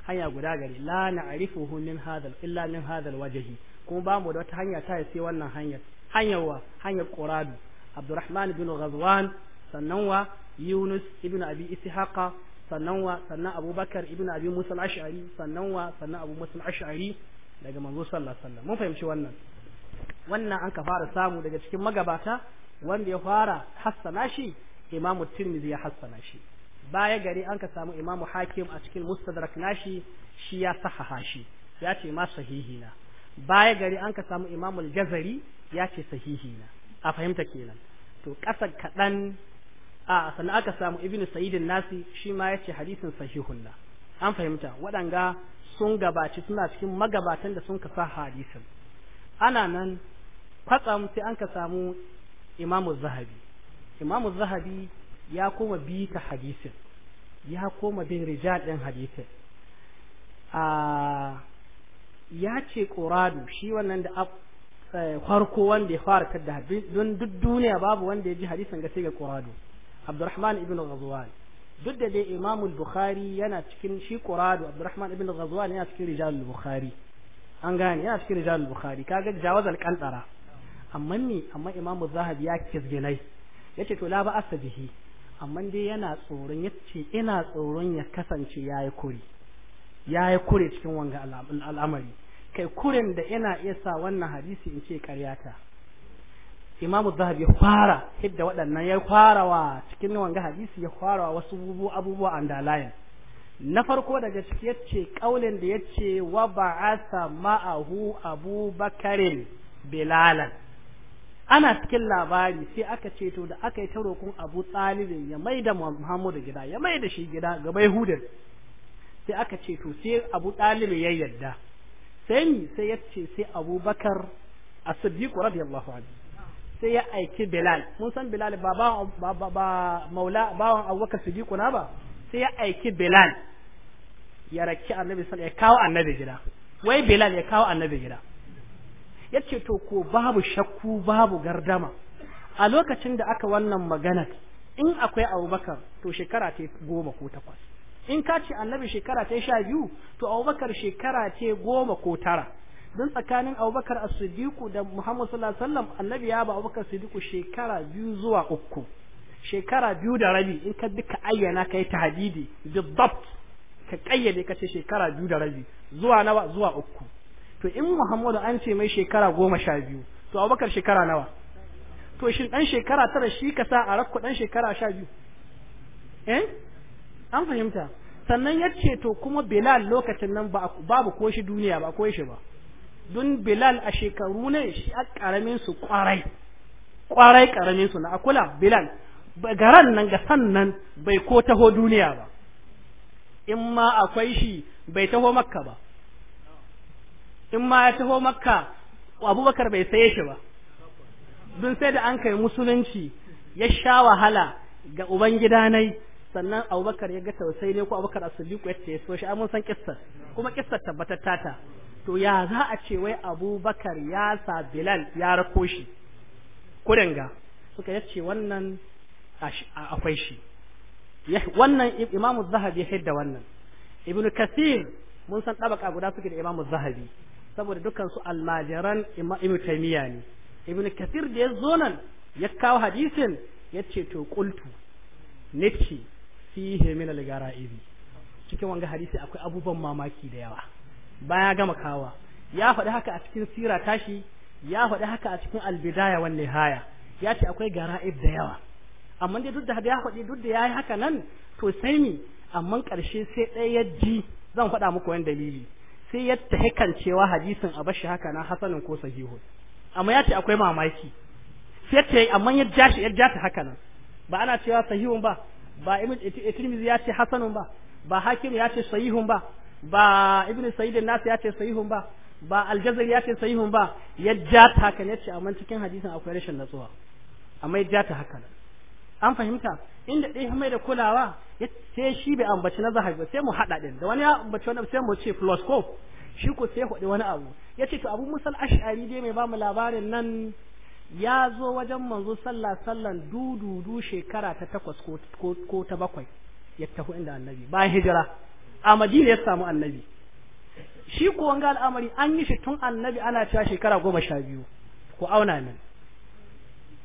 hanya guda gari la na'rifuhu min hada illa min hada alwajh kuma ba mu da wata hanya ta sai wannan hanyar hanyar wa hanyar qurabi abdurrahman ibn ghazwan sannan wa yunus ibn abi ishaqa sannan wa sannan abubakar ibn abi musa al-ash'ari sannan wa sannan abu musa al-ash'ari daga manzo sallallahu alaihi wasallam mun fahimci wannan wannan an ka fara samu daga cikin magabata wanda ya fara hassana shi imamu tirmidhi ya hassana shi baya gari an ka samu imamu hakim a cikin mustadrak nashi shi ya sahaha shi ya ce ma sahihi na baya gari an ka samu imamu al-jazari ya ce sahihi na a fahimta kenan to ƙasa kaɗan a sannan aka samu ibnu sa'idin nasi shi ma yace hadisin sahihun na an fahimta waɗanga sun gabaci suna cikin magabatan da sun kasa hadisin ana nan kwatsam sai an ka samu imamu zahabi imamu zahabi ya koma bi ta hadisin ya koma bin rijal ɗin hadisin a ya ce ƙoradu shi wannan da eh, farko wanda ya fara tadda don duk duniya babu wanda ya ji hadisin ga sai ga ƙoradu Abdurrahman ibn Ghazwan duk da dai Imam al-Bukhari yana cikin shi Quradu Abdurrahman ibn Ghazwan yana cikin rijal al-Bukhari an gane yana cikin rijal al-Bukhari kaga jawaz al-qantara amma ni amma Imam az-Zahabi ya kizginai yace to la ba bihi amma dai yana tsoron yace ina tsoron ya kasance yayi kuri yayi kure cikin wanga al'amari kai kuren da ina iya sa wannan hadisi in ce karyata imamu zahabi ya fara hidda waɗannan ya fara wa cikin wanga hadisi ya fara wa wasu abubuwa an dalayan na farko daga ciki ya ce ƙaunin da ya ce wa ba'asa ma'ahu abubakarin bilalan ana cikin labari sai aka ce da aka yi ta roƙon abu tsalibin ya maida muhammadu gida ya mai da shi gida gaba yahudan sai aka ce sai abu tsalibin ya yarda sai ni sai yace sai abubakar as-siddiq radiyallahu anhu sai ya aiki Bilal mun san Bilal ba ba ba maula bawan Abubakar Siddiq na ba sai ya aiki Bilal ya raki Annabi sallallahu ya kawo Annabi gida wai Bilal ya kawo Annabi gida yace to ko babu shakku babu gardama a lokacin da aka wannan magana in akwai Abubakar to shekara ta goma ko takwas in ka ce Annabi shekara ta sha biyu to Abubakar shekara ta goma ko tara don tsakanin abubakar as-siddiq da muhammad sallallahu alaihi wasallam annabi ya ba abubakar as-siddiq shekara biyu zuwa uku shekara biyu da rabi in ka duka ayyana kai tahdidi bidabt ka kayyade ka ce shekara biyu da rabi zuwa nawa zuwa uku to in muhammadu an ce mai shekara goma sha biyu to abubakar shekara nawa to shin dan shekara tara shi ka sa a rakku dan shekara sha biyu eh an fahimta sannan ya ce to kuma bilal lokacin nan babu ko shi duniya ba ko shi ba don bilal a shekaru ne shi a karamin su kwarai kwarai karamin su na akula bilal garan nan ga sannan bai ko taho duniya ba in ma akwai shi bai taho makka ba in ma ya taho makka abubakar bai saye shi ba don sai da an kai musulunci ya sha wahala ga ubangidanai. sannan abubakar ya ga tausayi ne ko abubakar as yadda ya so shi mun san kissar kuma kissar tabbatar tata to ya za a ce wai abubakar ya sa bilal ya rako shi kudin ga suka ya ce wannan akwai shi wannan imamu zahabi ya hidda wannan Ibn kasir mun san ɗabaka guda suke da imamu zahabi saboda dukkan su almajiran ibnu taimiyya ne Ibn kasir da ya zo nan ya kawo hadisin ya ce to kultu nace fihi min al cikin wanga hadisi akwai abubuwan mamaki da yawa baya gama kawa ya faɗi haka a cikin sira tashi ya faɗi haka a cikin al-bidaya wan nihaya ya ce akwai gara'ib da yawa amma dai duk da ya faɗi duk da yayi haka nan to sai ni amma ƙarshe sai ɗaya ya ji zan faɗa muku wani dalili sai ya tahikan cewa hadisin a bashi haka na hasanin ko sahihu amma ya ce akwai mamaki sai ta amma ya ja shi ya ja ta haka nan ba ana cewa sahihun ba ba ibn tirmizi ya ce hasanun ba ba hakim ya ce sahihun ba ba ibn sa'id nas ya ce sahihun ba ba aljazari ya ce sahihun ba ya ja ta haka ne ce amma cikin hadisin akwai rashin natsuwa amma ya ja ta haka an fahimta inda ɗaya mai da kulawa ya sai shi bai ambaci na zahabi ba sai mu haɗa ɗin da wani ya ambaci wani sai mu ce plus ko shi ko sai ya wani abu ya ce to abu musal ash'ari dai mai ba mu labarin nan ya zo wajen manzo sallah sallan dududu shekara ta takwas ko ta bakwai ya taho inda annabi bayan hijira a madina ya samu annabi shi ko wanga al'amari an yi shi tun annabi ana cewa shekara goma sha biyu ko auna min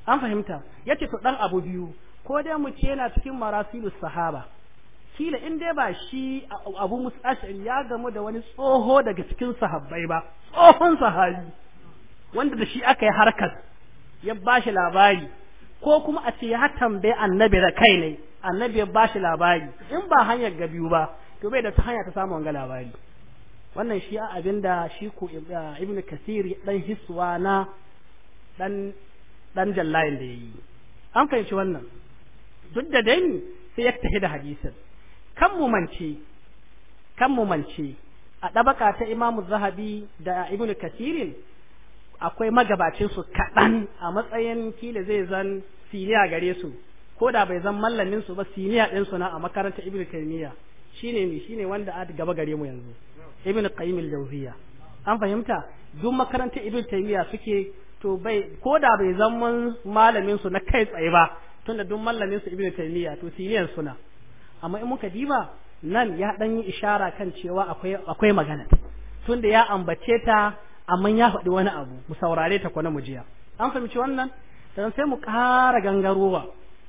an fahimta ya ce to dan abu biyu ko dai mu ce yana cikin marasilu sahaba kila in dai ba shi abu musashi ya gamu da wani tsoho daga cikin sahabbai ba tsohon sahabi wanda da shi aka yi harkar ya bashi labari ko kuma a ce ya tambaye annabi da kai ne annabi ya bashi labari in ba hanyar ga biyu ba to bai da ta hanya ta samu wanga labari wannan shi a abinda shi ko eh, ibn kasiri dan hiswa na dan dan jallayin da yayi an fahimci wannan duk da dai sai ya tafi da hadisin kan mu mance kan mu mance a dabaka ta imamu zahabi da ibn kasirin akwai magabacin su kaɗan a matsayin kila zai zan siniya gare su ko da bai zan mallamin su ba siniya ɗin su na a makaranta ibnu taymiya shine ne shine wanda a gaba gare mu yanzu ibnu qayyim al-jawziya an fahimta duk makarantar ibnu taymiya suke to bai ko da bai zan malamin su na kai tsaye ba tunda duk mallamin su ibnu taymiya to siniyan su na amma in muka diba nan ya dan yi ishara kan cewa akwai akwai magana tunda ya ambace ta amma ya faɗi wani abu mu saurare ta kwana mu jiya an fahimci wannan dan sai mu ƙara gangarowa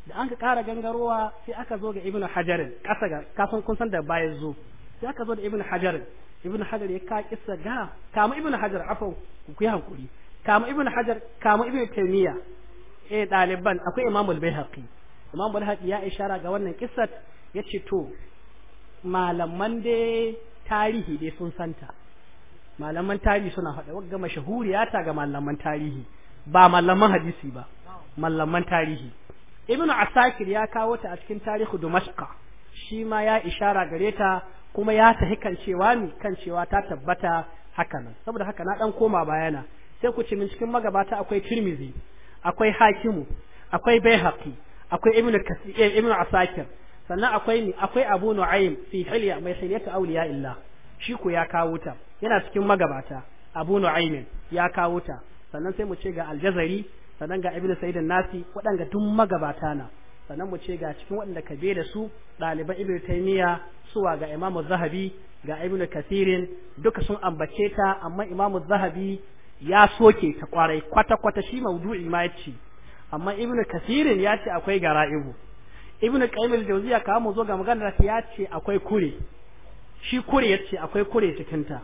da an ka ƙara gangarowa sai aka zo ga ibnu hajarin ƙasa ga kasan kun san da baya zo sai aka zo da ibnu hajarin ibnu hajar ya ka kissa ga kama ibnu hajar afau ku ku hankuri kama ibnu hajar kama ibnu taymiya eh daliban akwai imamul baihaqi imam barhaq ya ishara ga wannan kissa yace to malaman dai tarihi dai sun santa malaman tarihi suna faɗa wagga mashahuriya ga malaman tarihi ba malaman hadisi ba malaman tarihi ibn asakir ya kawo ta a cikin tarihi dumashqa shi ma ya ishara gare ta kuma ya tahi kan cewa ni kan cewa ta tabbata haka nan saboda haka na dan koma bayana sai ku ci min cikin magabata akwai tirmizi akwai hakimu akwai baihaqi akwai ibn kasir eh, ibn asakir sannan akwai ni akwai abu nu'aym fi hilya mai hilyatu awliya illa shi ku ya kawo ta yana cikin magabata abu Nu'aym ya kawo ta sannan sai mu ce ga aljazari sannan ga Ibn sa'id nasi waɗanga duk magabata na sannan mu ce ga cikin waɗanda ka da su ɗaliban Ibn taymiya suwa ga Imam zahabi ga Ibn kasirin duka sun ambace ta amma imamu zahabi ya soke ta kwarai kwata kwata shi maudu'i ma yace amma Ibn kasirin ya ce akwai gara'ibu Ibn qayyim al-jawziya kawo mu zo ga maganar ya ce akwai kure shi kure yace akwai kure cikin ta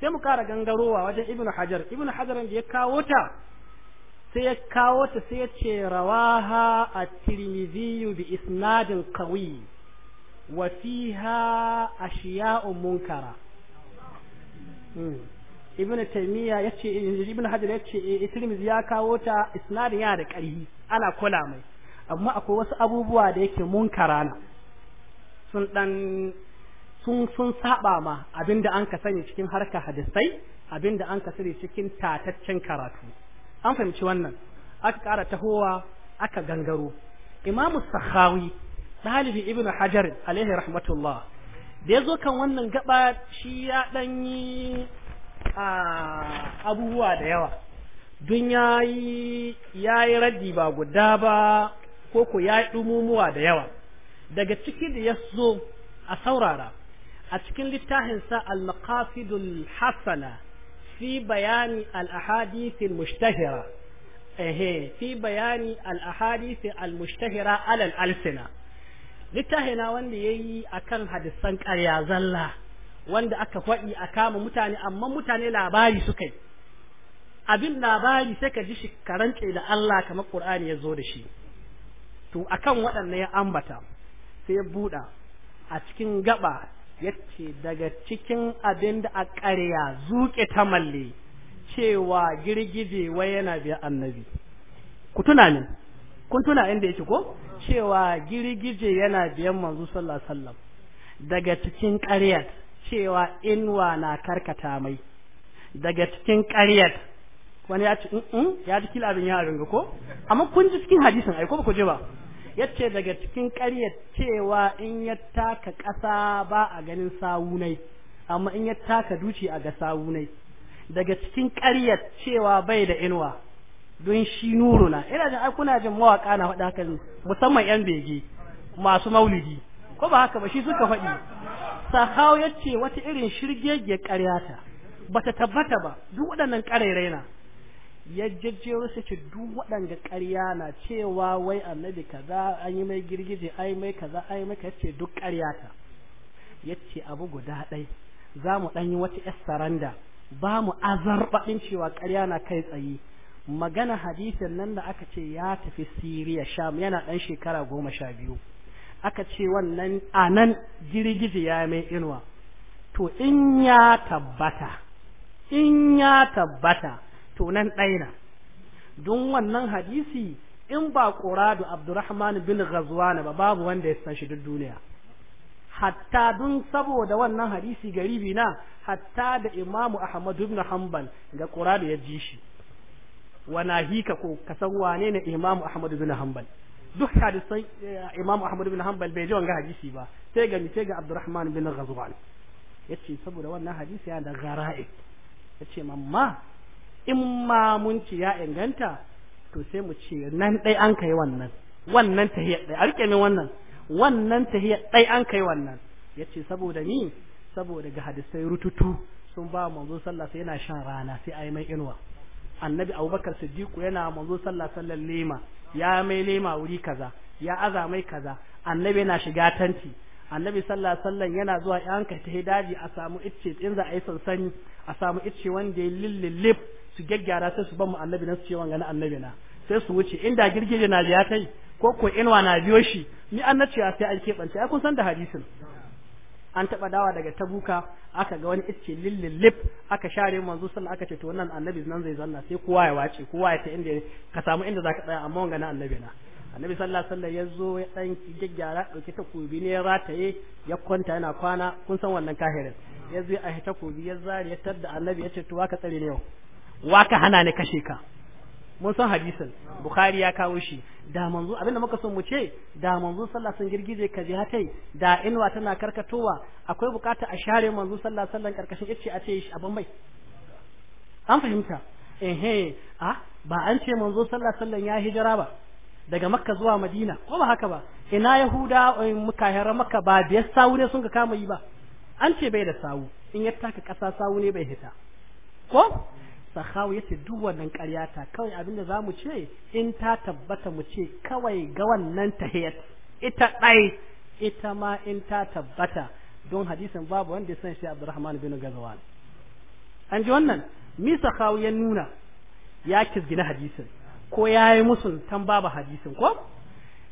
sai mu kara gangarowa wajen ibn hajar ibn hajar da ya kawo ta sai ya kawo ta sai ya ce rawaha at-tirmidhi bi isnadin qawi wa fiha ashiya'un munkara hmm. ibn taymiya yace ibn hajar yace eh, tirmidhi ya kawo ta isnadin ya da ƙarfi ana kula mai amma akwai wasu abubuwa da yake munkara na sun dan sun sun saba ma abinda an ka sani cikin harka hadisai abinda an ka sani cikin tataccen karatu an fahimci wannan aka ƙara tahowa aka gangaro imamu sahawi ɗalibi ibn hajar alaihi rahmatullah da ya zo kan wannan gaba shi ya yi abubuwa da yawa don ya yi raddi ba guda ba ko ko ya yi ɗumumuwa da yawa daga ciki da ya zo a saurara a cikin littafinsa al-maqasidul hasana fi bayani al-ahadith al-mushtahira ehe fi bayani al-ahadith al-mushtahira ala al-alsina littafina wanda yayi akan hadisan ƙarya zalla wanda aka faɗi a kama mutane amma mutane labari suka yi abin labari sai ka ji shi karance da Allah kamar Qur'ani ya zo da shi to akan waɗannan ya ambata sai ya buɗa a cikin gaba yace daga cikin abin da a ƙarya zuƙe ta malle cewa girgije wai yana biya annabi ku tuna ne kun tuna inda yake ko cewa girgije yana biyan manzo sallallahu alaihi wasallam daga cikin ƙarya cewa inwa na karkata mai daga cikin ƙarya wani ya ci ya ji kila abin ya ringa ko amma kun ji cikin hadisin ai ko ba ku je ba yace daga cikin ƙaryar cewa in ya taka ƙasa ba a ganin sawunai amma in ya taka duci a ga sawunai daga cikin ƙaryar cewa bai da inuwa don shi nuruna ina jin ai kuna jin mawaka na faɗa haka musamman yan bege masu maulidi ko ba haka ba shi suka faɗi sahau yace wata irin shirgegiyar ƙaryata bata tabbata ba duk waɗannan ƙarairai na ya wasu ce duk waɗanda ƙarya na cewa wai annabi kaza an yi mai girgije ai mai kaza ai mai kace duk ƙarya ta yace abu guda ɗai za mu ɗan yi wata yasaranda ba mu azarbaɗin cewa ƙarya na kai tsaye magana hadisin nan da aka ce ya tafi siriya sham yana ɗan shekara goma sha biyu aka ce wannan a nan girgije ya mai inuwa to in ya tabbata in ya tabbata to nan ɗaya don wannan hadisi in ba ƙoradu abdurrahman bin ghazwan ba babu wanda ya san shi duk duniya hatta dun saboda wannan hadisi garibi na hatta da imamu ahmad ibn hanbal ga ƙoradu ya ji shi wana hika ko ka san wane ne imamu ahmad ibn hanbal duk hadisai eh, imamu ahmad ibn hanbal bai ji wanga hadisi ba sai ga sai ga abdurrahman bin ghazwan yace saboda wannan hadisi yana da gara'i yace mamma in ma mun ci ya inganta to sai mu ce nan dai an kai wannan wannan tahiyya dai a rike min wannan wannan tahiyya dai an kai wannan yace saboda ni saboda ga hadisai rututu sun ba manzo alaihi wasallam yana shan rana sai ayi mai inuwa annabi abubakar siddiq yana manzo alaihi wasallam lema ya mai lema wuri kaza ya aza mai kaza annabi yana shiga tanti annabi sallallahu wasallam yana zuwa yanka ta hidaji a samu icce in za a yi sansani a samu icce wanda ya lillilip su gaggyara sai su ban mu annabi na su ce wanga na annabi na sai su wuce inda girgije na biya kai ko ko inwa na biyo shi ni an nace sai an keɓance ai kun san da hadisin an taba dawa daga tabuka aka ga wani ice lillilip aka share manzo sannan aka ce to wannan annabi nan zai zanna sai kowa ya wace kowa ya ta inda ka samu inda zaka tsaya amma wanga na annabi na annabi sallallahu alaihi wasallam ya zo ya dan gyaggyara ta takobi ne ya rataye ya kwanta yana kwana kun san wannan kahirin ya zo a hita kobi ya zari ya tadda annabi ya ce to waka tsare ne yau waka hana ni kashe ka mun san hadisin bukhari ya kawo shi da manzo abinda muka son mu ce da manzo sallah girgije ka ji hatai da inwa tana karkatowa akwai bukata a share manzo sallah sallan karkashin yace a ce shi abin mai an fahimta eh a ba an ce manzo sallah sallan ya hijira ba daga makka zuwa madina ko ba haka ba ina yahuda eh, mukahira makka ba biyar sawu ne sun ka kama yi ba an ce bai da sawu in ya taka kasa sawu ne bai hita ko sahawu yace duk wannan ƙarya ta kawai abinda zamu ce in ta tabbata mu ce kawai ga wannan tahiyat ita dai ita ma in ta tabbata don hadisin babu wanda ya san shi Abdurrahman bin Gazwan an ji wannan mi sahawi ya nuna ya kisgina hadisin ko yayi yi musu tan babu hadisin ko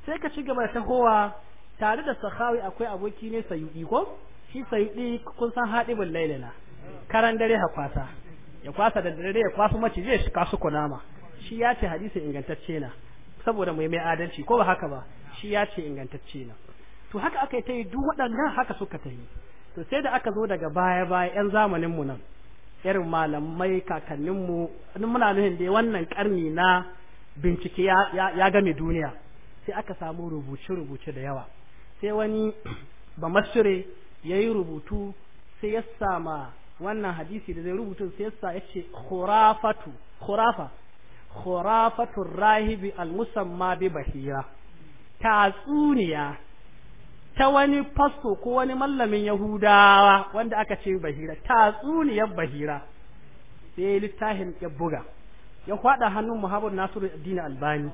sai ka ci gaba ta tahowa tare da sahawi akwai aboki ne sayyidi ko shi sayyidi kun san hadibul lailana karan dare hakwata ya kwasa da dare ya kwasa mace zai shi kasu kunama shi ya ce hadisi ingantacce na saboda mai mai adalci ko ba haka ba shi ya ce ingantacce na to haka aka yi ta yi duk waɗannan haka suka ta yi to sai da aka zo daga baya baya yan zamanin mu nan irin malamai kakannin mu muna nuhin da wannan karni na bincike ya ya game duniya sai aka samu rubuce rubuce da yawa sai wani ba masure yayi rubutu sai ya sama wannan hadisi da zai rubuta sai yasa yace khurafatu khurafa khurafatu rahibi al-musamma bi bahira tatsuniya ta wani fasto ko wani mallamin yahudawa wanda aka ce bahira tatsuniyar bahira sai littafin ya buga ya kwada hannun muhammad nasiru addini albani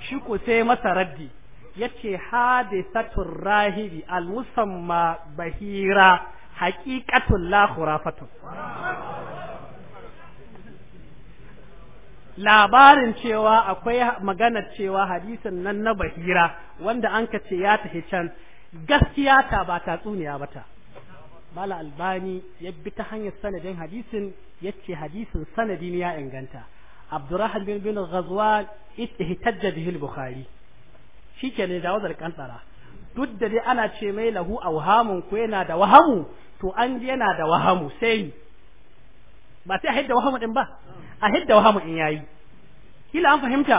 shi ko sai masa raddi yace hadisatu rahibi al bahira haƙiƙatun la labarin cewa akwai maganar cewa hadisin nan na bahira wanda an ka ce ya tafi can gaskiya ta ba ta tsuniya ba ta mala albani ya bi ta hanyar sanadin hadisin ya ce hadisin sanadin ya inganta abdurrahman bin bin ita ihtajja bihi al-bukhari ke ne da wazar tsara duk da dai ana ce mai lahu awhamun ko yana da wahamu to an yana da wahamu sai ba sai a hidda wahamu din ba a hidda wahamu in yayi kila an fahimta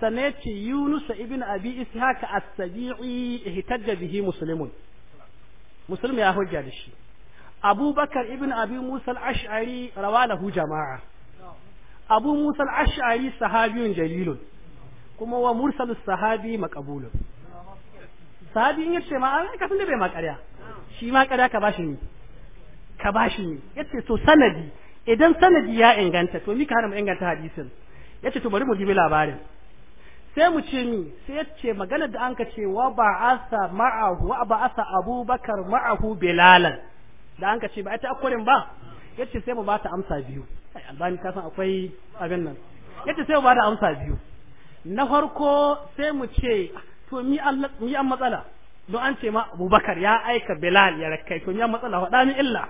sannan ya ce Yunus ibn Abi Ishaq as-Sabi'i ihtajja bihi muslimun muslim ya hujja da shi Abubakar ibn Abi Musa al-Ash'ari rawalahu jama'a Abu Musa al-Ash'ari sahabiyun jalilun kuma wa mursal sahabi maqbulun sahabi in yace ma an ka tunda bai ma shi ma ka bashi ne ka bashi ne yace to sanadi idan sanadi ya inganta to mika ka hana mu inganta hadisin yace to bari mu dibi labarin sai mu ce mi sai yace magana da anka ce wa ba ba'asa ma'ahu wa ba ba'asa abubakar ma'ahu bilalan da anka ce ba ita akwarin ba yace sai mu bata amsa biyu ai albani ka san akwai abin nan yace sai mu bada amsa biyu na farko sai mu ce to mi an matsala don an ce ma abubakar ya aika bilal ya rakai to mi an matsala faɗa ni illa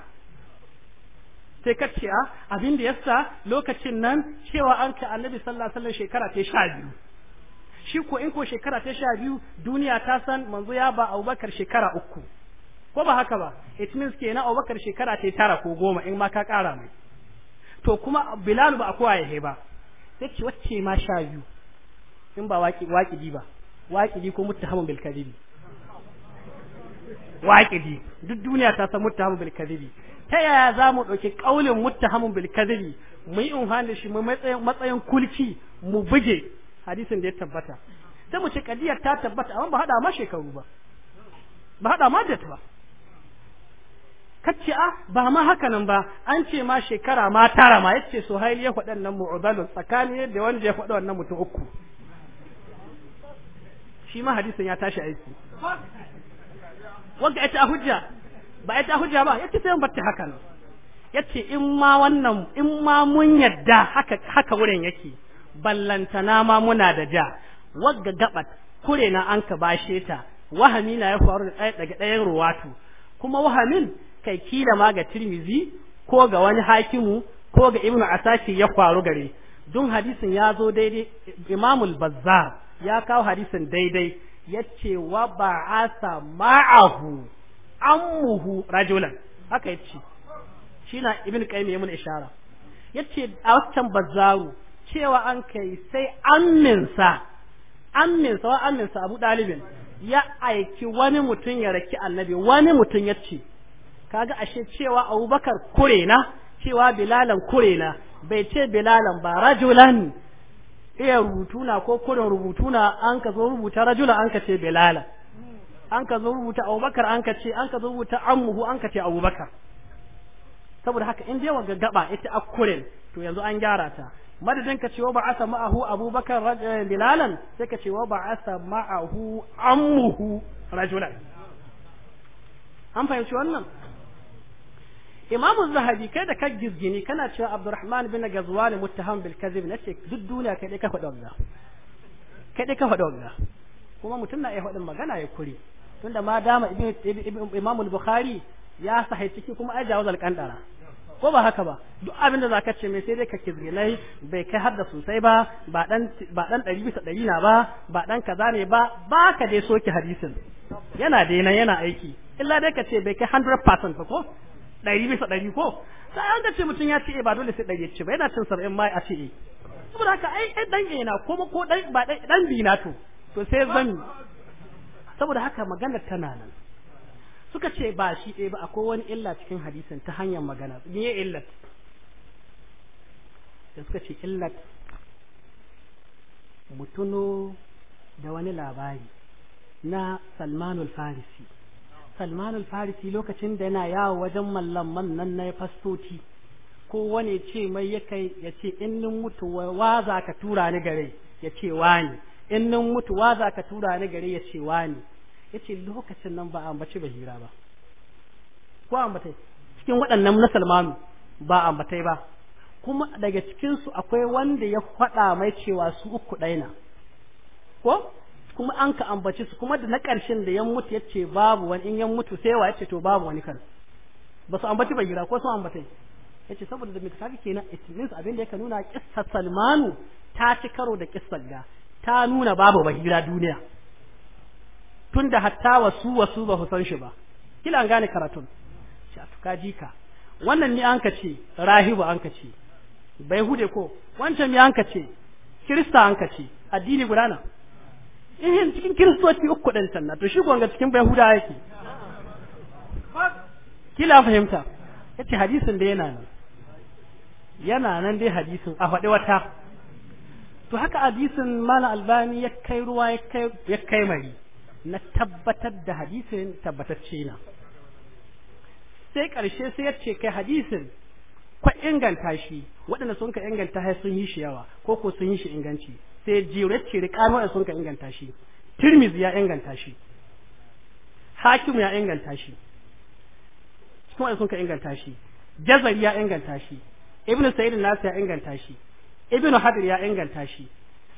sai ka ce ah, abin da yasa lokacin nan cewa an ka annabi sallallahu alaihi wasallam shekara ta sha biyu shi ko in ko shekara ta sha biyu duniya ta san manzo ya ba abubakar shekara uku ko ba haka ba it means kenan abubakar shekara ta tara ko goma in ma ka kara mai to kuma bilal ba a kowa ya ba sai ce wacce ma sha biyu in ba waki di ba di ko muttahamun bil kadibi di duk duniya ta san muttahamun bil kadibi ta yaya za mu ɗauki ƙaunin muttahamun bil bilkadiri mu yi umfani da shi mu matsayin kulki mu buge hadisin da ya tabbata sai mu ce kadiyar ta tabbata amma ba haɗa ma shekaru ba ba haɗa ma da ba kacce a ah, ba ma haka nan ba an ce ma shekara ma tara ma yace Suhail ya faɗa nan mu'dalun tsakani da wanda ya faɗa wannan mutum uku shi ma hadisin ya tashi aiki wanda ita a hujja ba ta hujja ba yace sai mun batta haka nan yace in ma wannan in ma mun yadda haka haka wurin yake na ma muna da ja wagga gabat kure na an ka bashe ta wahami na ya faru da daga ɗayan ruwatu kuma wahamin kai kila ma ga Tirmizi ko ga wani hakimu ko ga ibnu Asaki ya faru gare dun hadisin ya zo daidai Imamul Bazzar ya kawo hadisin daidai yace wa ba'asa ma'ahu ammuhu rajulan haka yace shi na ibn qayyim yayin ishara yace a wancan bazzaru cewa an kai sai amminsa sa wa sa abu dalibin ya aiki wani mutum ya raki annabi wani mutum ya ce kaga ashe cewa abubakar na cewa bilalan na bai ce bilalan ba rajulan iya rubutuna ko kuren rubutuna an ka zo rubuta rajula an ka ce bilalan an ka zo rubuta abubakar an ka ce an ka zo rubuta Amuhu an ka ce abubakar saboda haka in dai wanga gaba ita akurin to yanzu an gyara ta madadin ka ce wa ba'asa ma'ahu abubakar eh, bilalan sai ka ce wa ba'asa ma'ahu ammuhu rajulan an fahimci wannan Imam zahabi kai da kan gizgini kana cewa abdurrahman bin gazwani muttaham bil kadhib ce duk duniya kai dai ka faɗa wannan kai dai ka faɗa wannan kuma mutum na iya faɗin magana ya kure tunda ma dama imam al-bukhari ya sahi ciki kuma ai jawaz al-qandara ko ba haka ba duk abin da zaka ce mai sai dai ka nai bai kai hadda sosai ba ba dan ba dan dari bisa dari na ba ba dan kaza ne ba ba ka dai soki hadisin yana dai nan yana aiki illa dai ka ce bai kai 100% ba ko dari bisa dari ko sai an ga ce mutun ya ce eh, ba dole sai dari ce ba yana cin 70 mai a ce eh. saboda haka ai dan yana ko ko dan ba dan bi na to to sai zan saboda haka maganar tana nan suka ce ba shi ɗaya ba akwai wani illa cikin hadisin ta hanyar magana ni ya illat da suka ce illat mutuno da wani labari na salmanul farisi salmanul farisi lokacin da yana yawo wajen mallaman nan na fastoci ko wani ce mai ya kai ya ce in mutuwa za ka tura ni gare ya ce wani in nan mutuwa za ka tura ni gare ya ce wani ya ce lokacin nan ba a ambaci bahira ba ko ambatai cikin waɗannan na salmanu ba ambatai ba kuma daga cikinsu akwai wanda ya faɗa mai cewa su uku ɗaina ko kuma an ka ambaci su kuma da na ƙarshen da ya mutu ya ce babu wani in ya mutu sai wa ya ce to babu wani kan ba su ambaci bahira ko su ambatai ya ce saboda da mai kafi kenan it means abin da ka nuna kissar salmanu ta ci karo da kissar ga ta nuna babu bahira duniya tun da hatta wasu wasu ba san shi ba kila an gane karatun shi ka ji ka wannan ni an ka ce rahibu an ka ce bai hude ko wancan mi an ka ce kirista an ka ce addini guda na eh cikin kiristoci uku din sannan to shi gonga cikin bai huda yake kila fahimta yace hadisin da yana nan yana nan dai hadisin a faɗi wata to haka hadisin mala albani ya kai ruwa ya kai mai na tabbatar da hadisin tabbatacce na sai ƙarshe sai ya ce kai hadisin kwa inganta shi waɗanda sun ka inganta har sun yi shi yawa ko ko sun yi shi inganci sai jiracce rikano da sun ka inganta shi tirmiz ya inganta shi hakim ya inganta shi sun ka inganta shi jazari ya inganta shi ibnu sa'id Nasa ya inganta shi ibnu hadir ya inganta shi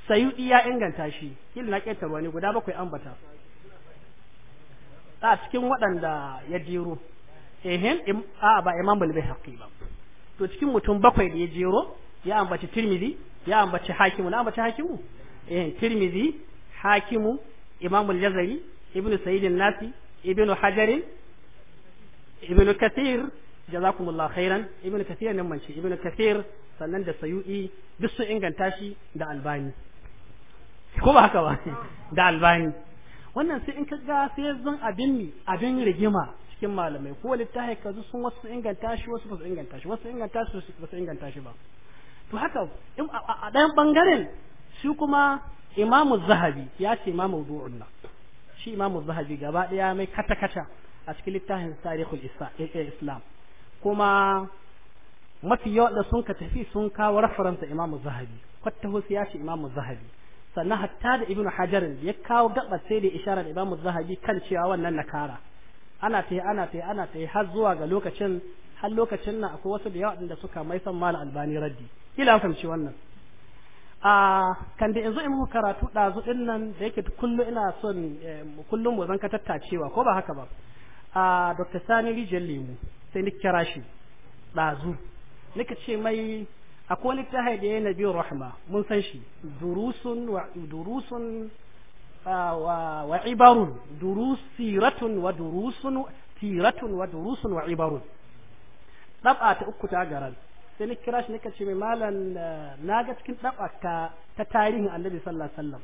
sayudi ya inganta shi kila na ƙetare wani guda bakwai ambata a cikin waɗanda ya jero ehin a ba imam bulbai haƙi ba to cikin mutum bakwai da ya jero ya ambaci tirmidhi ya ambaci hakimu na ambaci hakimu ehin tirmidhi hakimu imam al-jazari ibnu sa'id nasi ibnu hajar ibnu kathir jazakumullahu khairan ibnu kathir nan mance ibnu kathir sannan da sayu'i duk sun inganta shi da albani ko ba haka ba da albani wannan sai in ka ga sai zan abin ni abin rigima cikin malamai ko littafi kazu sun wasu inganta shi wasu ba su inganta shi wasu inganta su ba su inganta shi ba to haka in a ɗayan bangaren shi kuma imamu zahabi ya ce ma mawdu'un na shi imamu zahabi gaba ɗaya mai kata kata a cikin littafin tarihul eh, eh, islam kuma mafi yawan da sun ka tafi sun kawo rafaransa imamu zahabi kwatta hosu ya ce imamu zahabi sannan hatta da ibnu hajarin ya kawo gaba sai da isharar imamu zahabi kan cewa wannan nakara ana ta ana ta ana ta har zuwa ga lokacin har lokacin na akwai wasu da yawa da suka mai san mal albani raddi kila fahimci wannan a kan da yanzu in karatu ɗazu ɗin nan da yake kullum ina son eh, kullum mu zan ka tattacewa ko ba haka ba a dr sani rijiyar lemu sai ni kira shi ɗazu nika ce mai akwai littafi da ya nabi rahma mun san shi durusun wa durusun wa ibarun durus siratun wa durusun siratun wa durusun wa ibarun dab'a ta uku ta garan sai ni kira shi nika ce mai eh, na ga cikin dab'a ta ta tarihin annabi sallallahu alaihi wasallam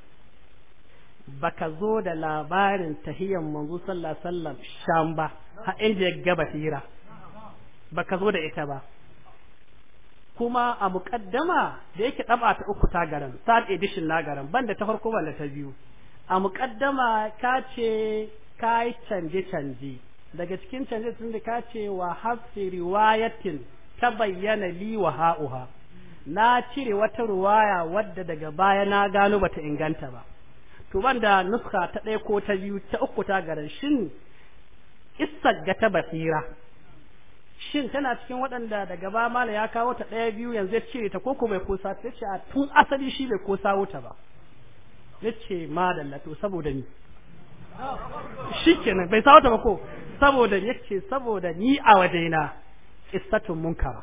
baka zo da labarin tahiyan manzo sallallahu alaihi wasallam sham ba ha inda ya gaba hira baka zo da ita ba kuma a muƙaddama da yake ɗaba ta uku ta garan third edition na garan banda ta farko banda ta biyu a muƙaddama ka ce ka yi canje-canje daga cikin canje sun da ka ce wa hafi riwayatin ta bayyana li wa ha'uha na cire wata ruwaya wadda daga baya na gano bata inganta ba to da nuska ta ɗaya ko ta biyu ta uku ta garan shin kissar ga ta basira shin tana cikin waɗanda daga ba mala ya kawo ta ɗaya biyu yanzu ya cire ta koko bai kosa ta ce a tun asali shi bai kosa wuta ba ya ce madalla to saboda ni shi kenan bai sa wata ba ko saboda ya ce saboda ni a wajena istatun munkara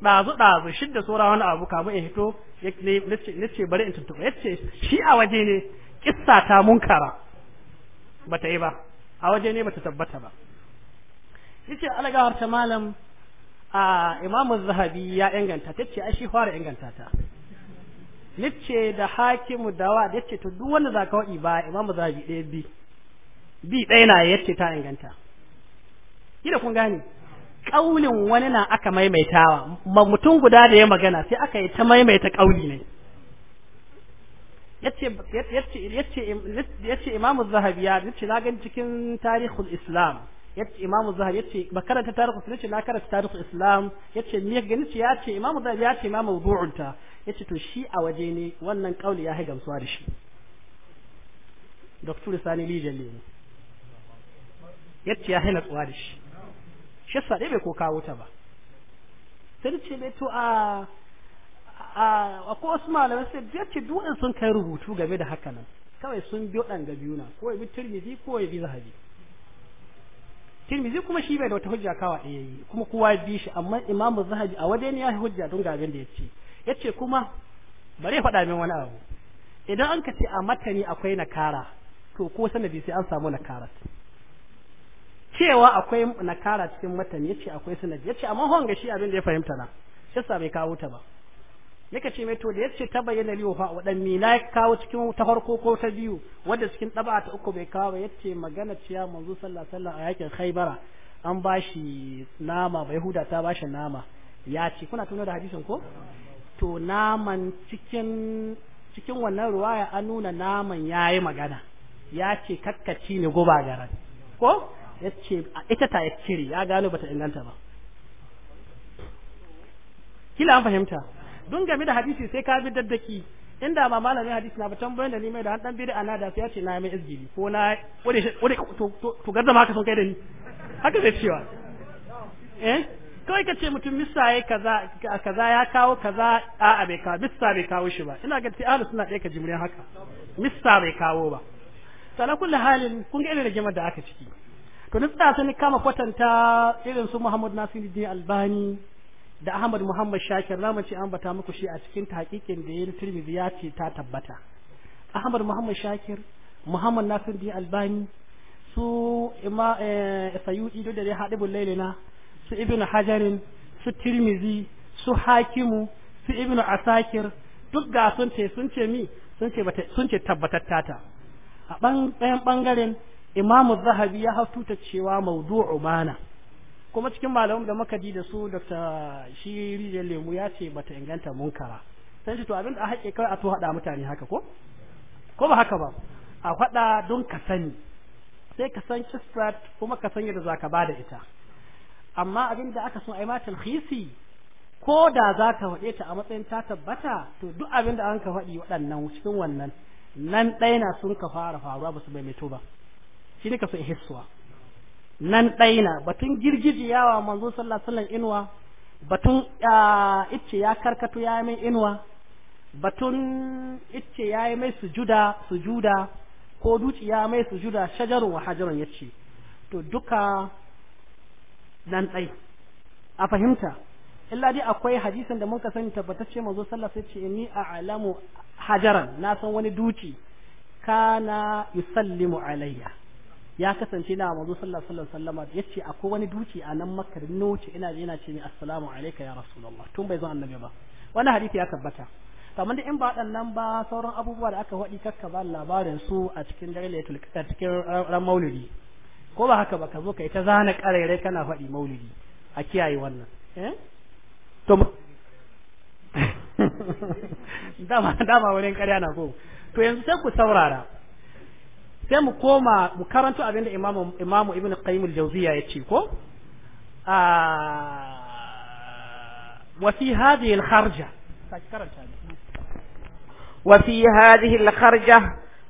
ɗazu ɗazu shidda saura wani abu kamun in hito na ce bari in tuntuɓa ya ce shi a waje ne kissa ta munkara bata yi ba a waje ne bata tabbata ba yace alagawar ta malam a imamu zahabi ya inganta ta ce ashi fara inganta ta nice da hakimu dawa da yace to duk wanda zaka wa'i ba imamu zahabi ɗaya bi bi ɗaya na yace ta inganta kida kun gane kaulin wani na aka maimaitawa ma mutum guda da ya magana sai aka yi ta maimaita kauli ne yace yace yace yace imamu zahabi ya nice na gan cikin tarihul islam yace Imam zuhari yace ba karanta tarihi sunna ce na karanta tarihi Islam yace ni ya gani ce yace Imam ya yace ma mawdu'un ta yace to shi a waje ne wannan kauli ya gamsuwa da shi Dr. Sani Lijali yace ya hana tsuwa da shi shi sa dai bai ko kawo ta ba sai ce bai to a a ko wasu malamai sai yace duɗin sun kai rubutu game da haka nan kawai sun biyo ɗan ga biyu na ko ya bi Tirmidhi ko ya bi Zahabi tirmizi kuma shi bai da wata hujja kawa ɗaya yi kuma kowa ya bi shi amma imamu zahabi a waje wajen ya hujja don ga abin da ya ce ya ce kuma bari ya faɗa min wani abu idan an ka ce a matani akwai nakara to ko sanadi sai an samu nakara cewa akwai nakara cikin matani ya ce akwai sanadi ya ce amma hon ga shi abin da ya fahimta na shi sa bai kawo ta ba yake ce mai to da yace ta bayyana liyo fa mi na kawo cikin ta farko ko ta biyu wanda cikin daba ta uku bai kawo yace magana ciya manzo sallallahu alaihi wasallam a yakin khaybara an bashi nama bai huda ta bashi nama ya ce kuna tuno da hadisin ko to naman cikin cikin wannan ruwaya an nuna naman yayi magana ya ce kakkaci ne guba garan ko yace ita ta ya ya gano bata inganta ba kila an fahimta dun game da hadisi sai ka bi daddaki inda ma malamin hadisi na ba tambayan da ni mai da an dan da ana da sai ya ce na mai izgili ko na wani wani to to garda ma ka son kai da ni haka zai cewa eh kawai ka ce mutum missa ya kaza kaza ya kawo kaza a'a bai kawo misa bai kawo shi ba ina ga ti ahlus suna ɗaya ka jimrin haka misa bai kawo ba to ala kulli halin kun ga irin rigimar da aka ciki to ni tsaya sai ni kama kwatanta irin su Muhammad Nasiruddin Albani da Ahmad Muhammad Shakir zamu ce an bata muku shi a cikin tahqiqin da yayin Tirmidhi ya ce ta tabbata Ahmad Muhammad Shakir Muhammad Nasir bin Albani su ima eh, Sayyidi da dai Hadibul Lailina su Ibn Hajarin su Tirmidhi su Hakimu su Ibn Asakir duk ga sun ce sun ce mi sun ce bata sun ce tabbatattata a ɓangaren Imam Zahabi ya hafuta cewa mawdu'u mana kuma cikin malamu da muka ji da su ta shi rijiyar lemu ya ce bata inganta munkara sai shi to abin da a haƙe kawai a to haɗa mutane haka ko ko ba haka ba a faɗa don ka sani sai ka san kisrat kuma ka san yadda zaka bada ita amma abin da aka so yi ma ko da za ka faɗe ta a matsayin ta tabbata to duk abin da an ka faɗi waɗannan cikin wannan nan ɗaya na sun ka fara faruwa ba su bai mai to ba shi ne ka so ihissuwa nan ɗaina batun girgijiyawa manzo sallallahu alaihi inuwa batun icce ya karkato ya mai inuwa batun icce ya yi mai sujuda sujuda ko duci ya mai sujuda shajarun wa hajarun ya ce to duka nan ɗai a fahimta illa dai akwai hadisin da muka sani tabbatacce manzo sallallahu alaihi wasallam ce ni a'lamu hajaran na san wani duci kana yusallimu alayya ya kasance na manzo sallallahu alaihi wasallam yace akwai wani duki a nan makka na wuce ina yana ce ni assalamu alayka ya rasulullah tun bai zo annabi ba wannan hadisi ya tabbata kamar da in ba waɗannan ba sauran abubuwa da aka faɗi kakka ba labarin su a cikin lailatul qadr cikin ran maulidi ko ba haka ba ka zo kai ta zana karairai kana faɗi maulidi a kiyaye wannan eh to dama wurin ƙarya na ko to yanzu sai ku saurara sai mu koma mu karanto abin da imamu imamu ibn qayyim al-jawziya yace ko a wa fi hadhihi al-kharja wa fi hadhihi al-kharja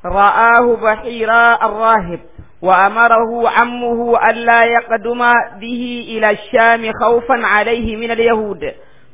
ra'ahu bahira ar-rahib wa amarahu ammuhu an la yaqduma bihi ila ash-sham khawfan alayhi min al-yahud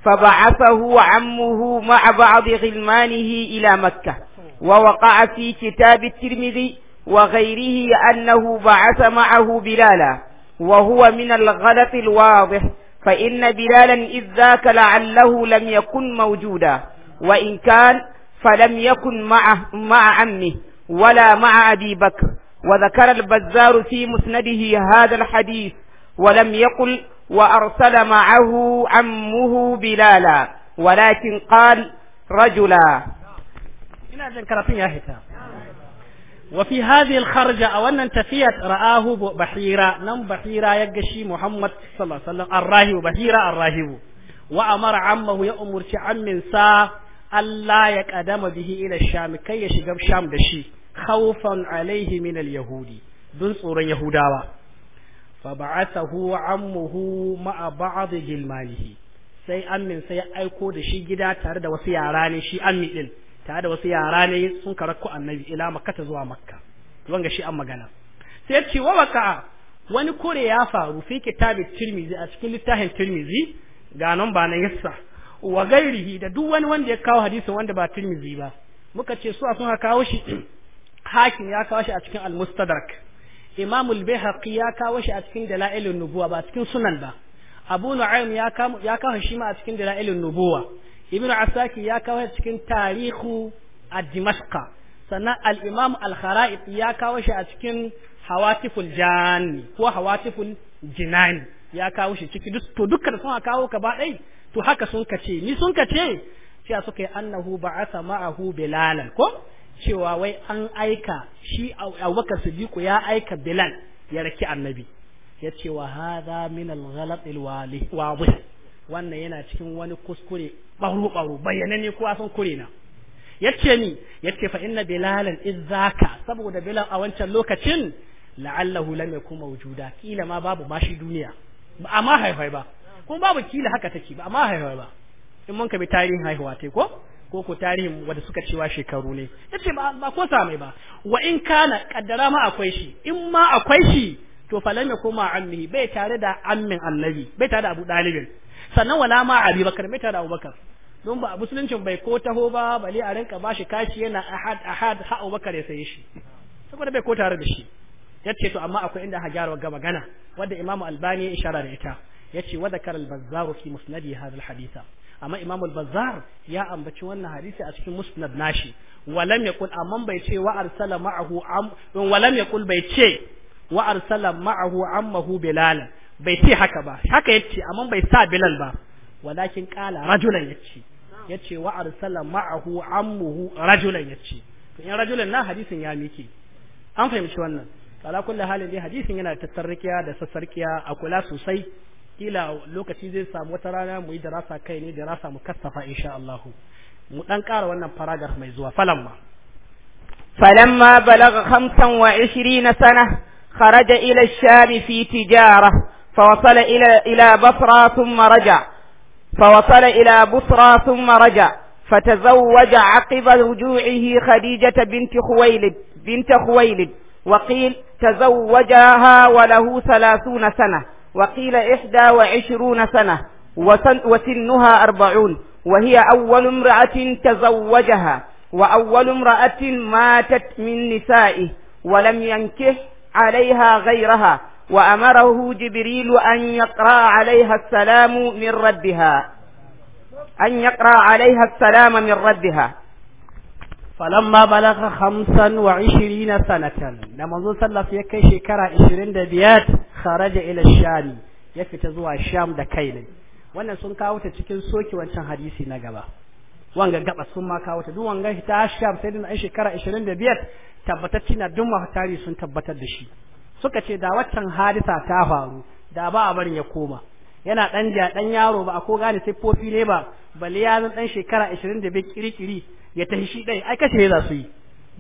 فبعثه عمه مع بعض غلمانه إلى مكة ووقع في كتاب الترمذي وغيره أنه بعث معه بلالا وهو من الغلط الواضح فإن بلالا إذ ذاك لعله لم يكن موجودا وإن كان فلم يكن معه مع عمه ولا مع أبي بكر وذكر البزار في مسنده هذا الحديث ولم يقل وأرسل معه عمه بلالا ولكن قال رجلا وفي هذه الخرجة أو أن تفيت رآه بحيرة نم بحيرة يقشي محمد صلى الله عليه وسلم الراهب بحيرة الراهب وأمر عمه يأمر عم سا ألا يقدم به إلى الشام كي يشقب شام دشي خوفا عليه من اليهود دون صورة يهوداوة فبعثه عمه مع بعض جلمانه sai amin sai ya aiko da shi gida tare da wasu yara ne shi amin din tare da wasu yara ne sun karakku annabi ila ta zuwa makka wanga shi an magana sai ce wa waka wani kore ya faru fi kitabi tirmizi a cikin littafin tirmizi ga nan ba na yassa wa gairihi da duk wani wanda ya kawo hadisin wanda ba tirmizi ba muka ce su a sun kawo shi hakim ya kawo shi a cikin al-mustadrak imam al-bayhaqi ya kawo shi a cikin dalailun nubuwa ba cikin sunan ba abu nu'aym ya kawo ya kawo shi ma a cikin dalailun nubuwa ibn asaki ya kawo cikin tarihu a dimashqa sannan al-imam al-khara'ib ya kawo shi a cikin hawatiful jani ko hawatiful jinani ya kawo shi ciki to dukkan sun kawo ka baɗai to haka sun kace ni sun kace cewa suka yi annahu ba'atha ma'ahu bilalan ko cewa wai an aika shi Abubakar Siddiq ya aika Bilal ya raki annabi ya ce wa hadha min al-ghalat al-wadih wannan yana cikin wani kuskure baro baro bayyana ne kowa kure na ce ni yace fa inna bilalan izzaka saboda bilal a wancan lokacin la'allahu lam kuma mawjuda kila ma babu mashi duniya ba ma haifai ba kuma babu kila haka take ba ma haifai ba in mun ka bi tarihin haihuwa tai ko ko ko tarihin wanda suka cewa shekaru ne yace ba ba ko sa mai ba wa in kana kaddara ma akwai shi in ma akwai shi to falam yakuma ammihi bai tare da ammin annabi bai tare da abu dalibin sannan wala ma abi bakar mai tare abubakar don ba musuluncin bai ko taho ba bale a rinka bashi kashi yana ahad ahad ha abubakar ya sayi shi saboda bai ko tare da shi yace to amma akwai inda hajar ga magana wanda imamu albani ya ishara da ita yace wa dhakara al-bazzar fi musnadi hadha al-haditha amma imamu al-bazzar ya ambaci wannan hadisi a cikin musnad nashi walam yaqul amma bai ce wa arsala ma'ahu am walam bai ce wa arsala ma'ahu ammahu bilal bai ce haka ba haka yace amma bai sa bilal ba walakin qala rajulan yace yace wa arsala ma'ahu ammuhu rajulan yace to in rajulan na hadisin ya miki an fahimci wannan ala kulli halin dai hadisin yana tattarkiya da sassarkiya a kula sosai kila lokaci zai samu wata rana mu yi darasa kai ne darasa mu kasafa insha Allah mu dan ƙara wannan faragar mai zuwa falamma falamma balagha 25 sana kharaja ila ash-sham fi فوصل إلى إلى بصرى ثم رجع فوصل إلى بصرى ثم رجع فتزوج عقب رجوعه خديجة بنت خويلد بنت خويلد وقيل تزوجها وله ثلاثون سنة وقيل إحدى وعشرون سنة وسنها أربعون وهي أول امرأة تزوجها وأول امرأة ماتت من نسائه ولم ينكح عليها غيرها وأمره جبريل أن يقرأ عليها السلام من ربها أن يقرأ عليها السلام من ربها فلما بلغ خمسا وعشرين سنة لما ذو صلى في كي شكرا عشرين دبيات خرج إلى الشام يفتزوا الشام دكيني wannan sun kawo ta cikin soki wancan hadisi na gaba wanga gaba sun ma kawo ta duk wanga ta sham sai da shekara 25 tabbatacci na duk mahtari sun tabbatar da shi suka ce da waccan hadisa ta faru da ba a barin ya koma yana dan ja dan yaro ba ko gane siffofi ne ba bali ya zan dan shekara 20 da bai kirikiri ya tahi shi dai ai kace za su yi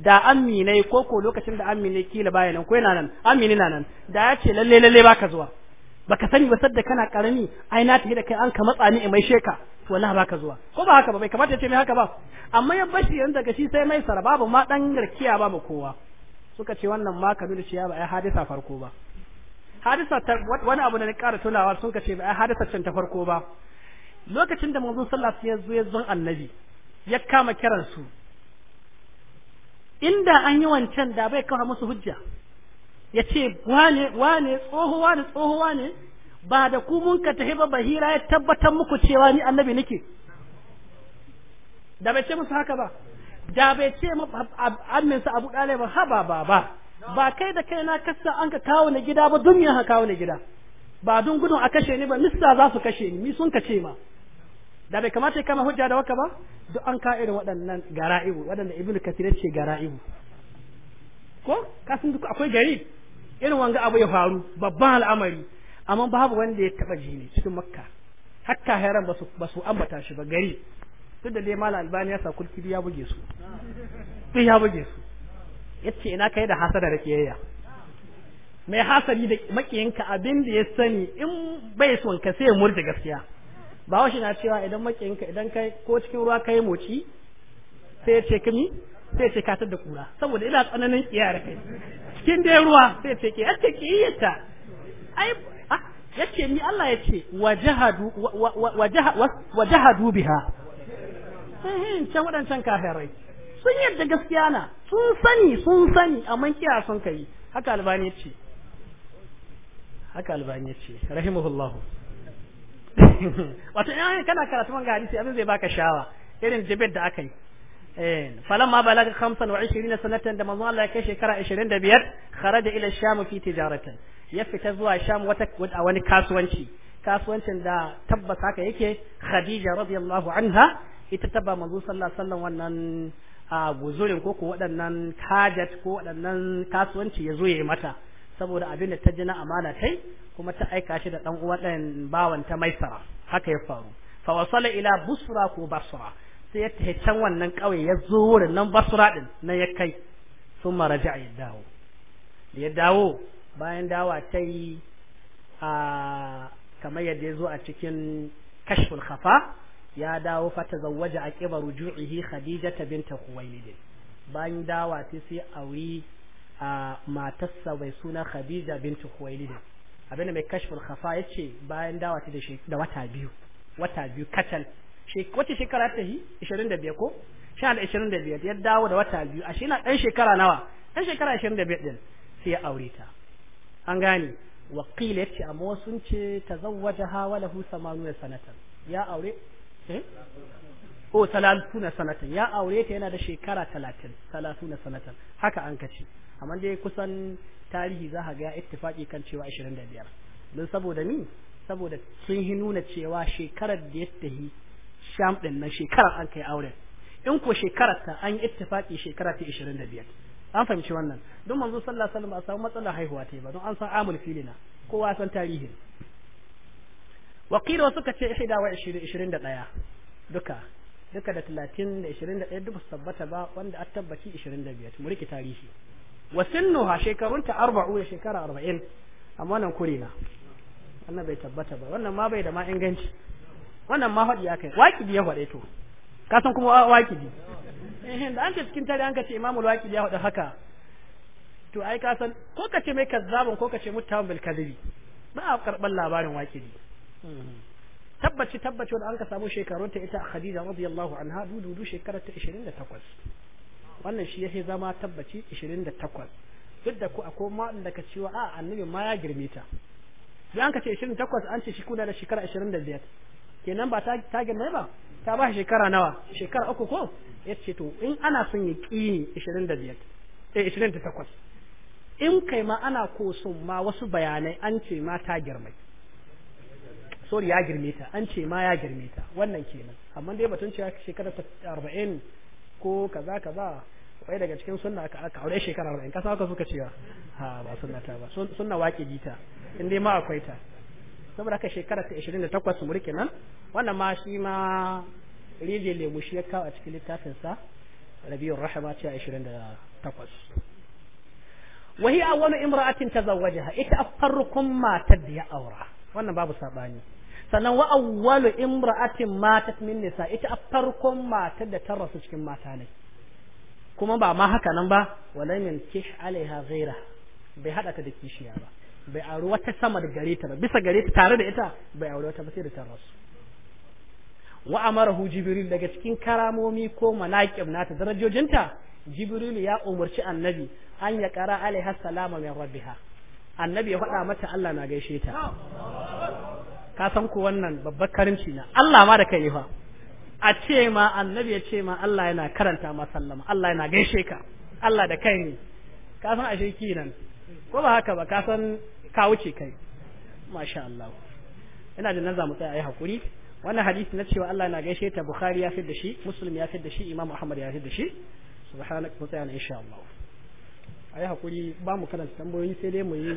da ammi ne ko ko lokacin da ammi ne kila baya nan ko yana nan ammi ne nan da ya ce lalle lalle baka zuwa baka sani ba sadda kana karami ai na tafi da kai an ka matsa ni mai sheka to wallahi baka zuwa ko ba haka ba bai kamata ya ce mai haka ba amma ya bashi yanzu daga shi sai mai saraba ma dan garkiya ba ba kowa suka ce wannan ma ka shi ya ba ai hadisa farko ba hadisa ta wani abu da na ƙara tunawa sun ka ce ba ai hadisa can ta farko ba lokacin da manzon sallallahu alaihi wasallam ya zo annabi ya kama kiran su inda an yi wancan da bai kawo musu hujja ya ce wane wane tsoho wane tsoho wane ba da ku mun ka tafi ba bahira ya tabbatar muku cewa ni annabi nake da bai ce musu haka ba da bai ce annansa abu ɗale ba haba ba ba ba kai da kai na kasa an ka kawo ni gida ba dun ka kawo na gida ba dun gudun a kashe ni ba mista za su kashe ni sun ka ce ma da bai kamata kama hujja da waka ba duk an ka irin waɗannan gara'ibu waɗanda ibnu kasir ce gara'ibu ko ka san duk akwai gari irin wanga abu ya faru babban al'amari amma babu wanda ya taba jini cikin makka hakka hairan ba su ambata shi ba gari duk da dai mala albani ya sa kulki ya buge su duk ya buge su ya ce ina kai da hasada da kiyayya mai hasari da makiyinka abin da ya sani in bai son ka sai murje gaskiya ba washi na cewa idan makiyinka idan kai ko cikin ruwa kai moci sai ya ce kimi sai ya ce katar da kura saboda ina tsananin kiyayya kai cikin dai ruwa sai ya ce ki yace kiyayyata ai ah, yace ni Allah yace wajahadu wajahadu biha Eh, can waɗancan kafirai sun yadda gaskiya na sun sani sun sani amma kiyar sun kai haka albani ce haka albani ce rahimahullahu wato in kana karatu man hadisi abin zai baka shawa irin jibir da aka yi فلما بلغ 25 sanatan da manzo Allah ya kai shekara 25 kharaja ila sham fi tijaratan ya fita zuwa sham wata wani kasuwanci kasuwancin da tabbata haka yake Khadija radiyallahu anha ita ta ba manzo sallallahu alaihi wasallam wannan a guzurin ko ko waɗannan kajat ko waɗannan kasuwanci ya zo ya yi mata saboda abin da ta ji na amana tai kuma ta aika shi da ɗan uwan ɗan bawan ta maisara haka ya faru fa wasala ila busra ko basra sai ya tafi can wannan ƙauye ya zo wurin nan basra din na ya kai sun maraja ya dawo da ya dawo bayan dawa ta yi a kamar yadda ya zo a cikin kashful khafa ya dawo fata zawaja a ƙiba ruju'ihi ta binta kuwailid bayan dawa sai sai auri a matarsa mai suna khadija binta kuwailid abinda mai kashful khafa yace bayan dawa ta da wata biyu wata biyu kacal wace shekara ta yi 25 ko sha da 25 ya dawo da wata biyu ashe na dan shekara nawa dan shekara 25 din sai ya aure ta an gane wakil ce amma sun ce ta zawaje hawa lahu 80 sanatan ya aure Eh? Oh, salatu na sanatan ya aure ta yana da shekara talatin na sanatan haka an kace amma dai kusan tarihi za ka ga ittifaki kan cewa 25 don saboda ni saboda sun yi nuna cewa shekarar da ya tahi sham din na shekarar an kai auren in ko shekarar ta an yi ittifaki shekara ta 25 an fahimci wannan don manzo sallallahu alaihi wasallam a samu matsalar haihuwa ta ba don an san amul filina kowa san tarihin wakil wasu ka ce ihda wa ishirin da ɗaya duka duka da talatin da ishirin da ɗaya duk tabbata ba wanda an tabbaci ishirin da biyar mu riƙe tarihi wasin nuha shekarunta arba'u da shekara arba'in amma wannan kurina. wannan bai tabbata ba wannan ma bai da ma inganci wannan ma faɗi ya kai waƙidi ya faɗe to ka san kuma waƙidi eh, da an ce cikin tare an ka ce imamul waƙidi ya faɗi haka to ai ka san ko ka ce mai kazzabin ko ka ce muttaham bil kadhibi ba a karɓar labarin waƙidi tabbaci tabbaci wanda an ka samu shekarun ta ita Khadija radiyallahu anha du shekarar ta 28 wannan shi yake zama tabbaci 28 duk da ku akwai ma da ka cewa a annabi ma ya girme ta idan ka ce 28 an ce shi kuna da shekara 25 kenan ba ta ta girme ba ta ba shekara nawa shekara uku ko yace to in ana son ya kini 25 eh 28 in kai ma ana ko son ma wasu bayanai an ce ma ta girme Sori ya girme ta an ce ma ya girme ta wannan kenan amma dai batun cewa shekara ta 40 ko kaza kaza wai daga cikin sunna aka aka aure shekara 40 kasa haka suka cewa ha ba sunna ta ba sunna wake jita in dai ma akwai ta saboda haka shekara ta 28 muri nan wannan ma shi ma rije lemu shi ya kawo a cikin littafin sa Rabiul Rahama ce 28 وهي أول امرأة تزوجها إتأفركم ما تدي أورا وأنا باب صاباني sannan wa awwalu imra'atin matat min nisa ita a farkon matar da ta rasu cikin mata ne kuma ba ma haka nan ba min kish alaiha ghaira bai hada ta da kishiya ba bai auri wata sama da gare ta ba bisa gare ta tare da ita bai auri wata ba sai da ta rasu wa amarahu jibril daga cikin karamomi ko malaikin nata darajojinta jibril ya umarci annabi an ya kara alaiha salama min rabbiha annabi ya faɗa mata Allah na gaishe ta ka san ko wannan babbar karimci na Allah ma da kai ne fa a ce ma annabi ya ce ma Allah yana karanta ma sallama Allah yana gaishe ka Allah da kai ne ka san ashe kinan ko ba haka ba ka san ka wuce kai masha Allah ina da nan za mu tsaya ayi hakuri wannan hadisi na cewa Allah yana gaishe ta Bukhari ya fidda shi Muslim ya fidda shi Imam Muhammad ya fidda shi subhanak wa ta'ala insha Allah ayi hakuri ba mu karanta tambayoyi sai dai mu yi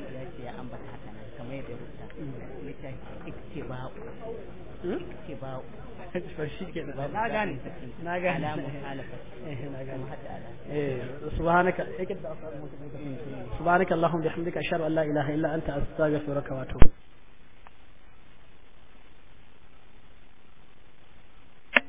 ittiba'u ittiba'u hmm? to shi ke na gane na gane alamu halafa eh, na gane eh subhanaka subhanaka allahumma bihamdika ashhadu an la ilaha illa anta astaghfiruka wa atubu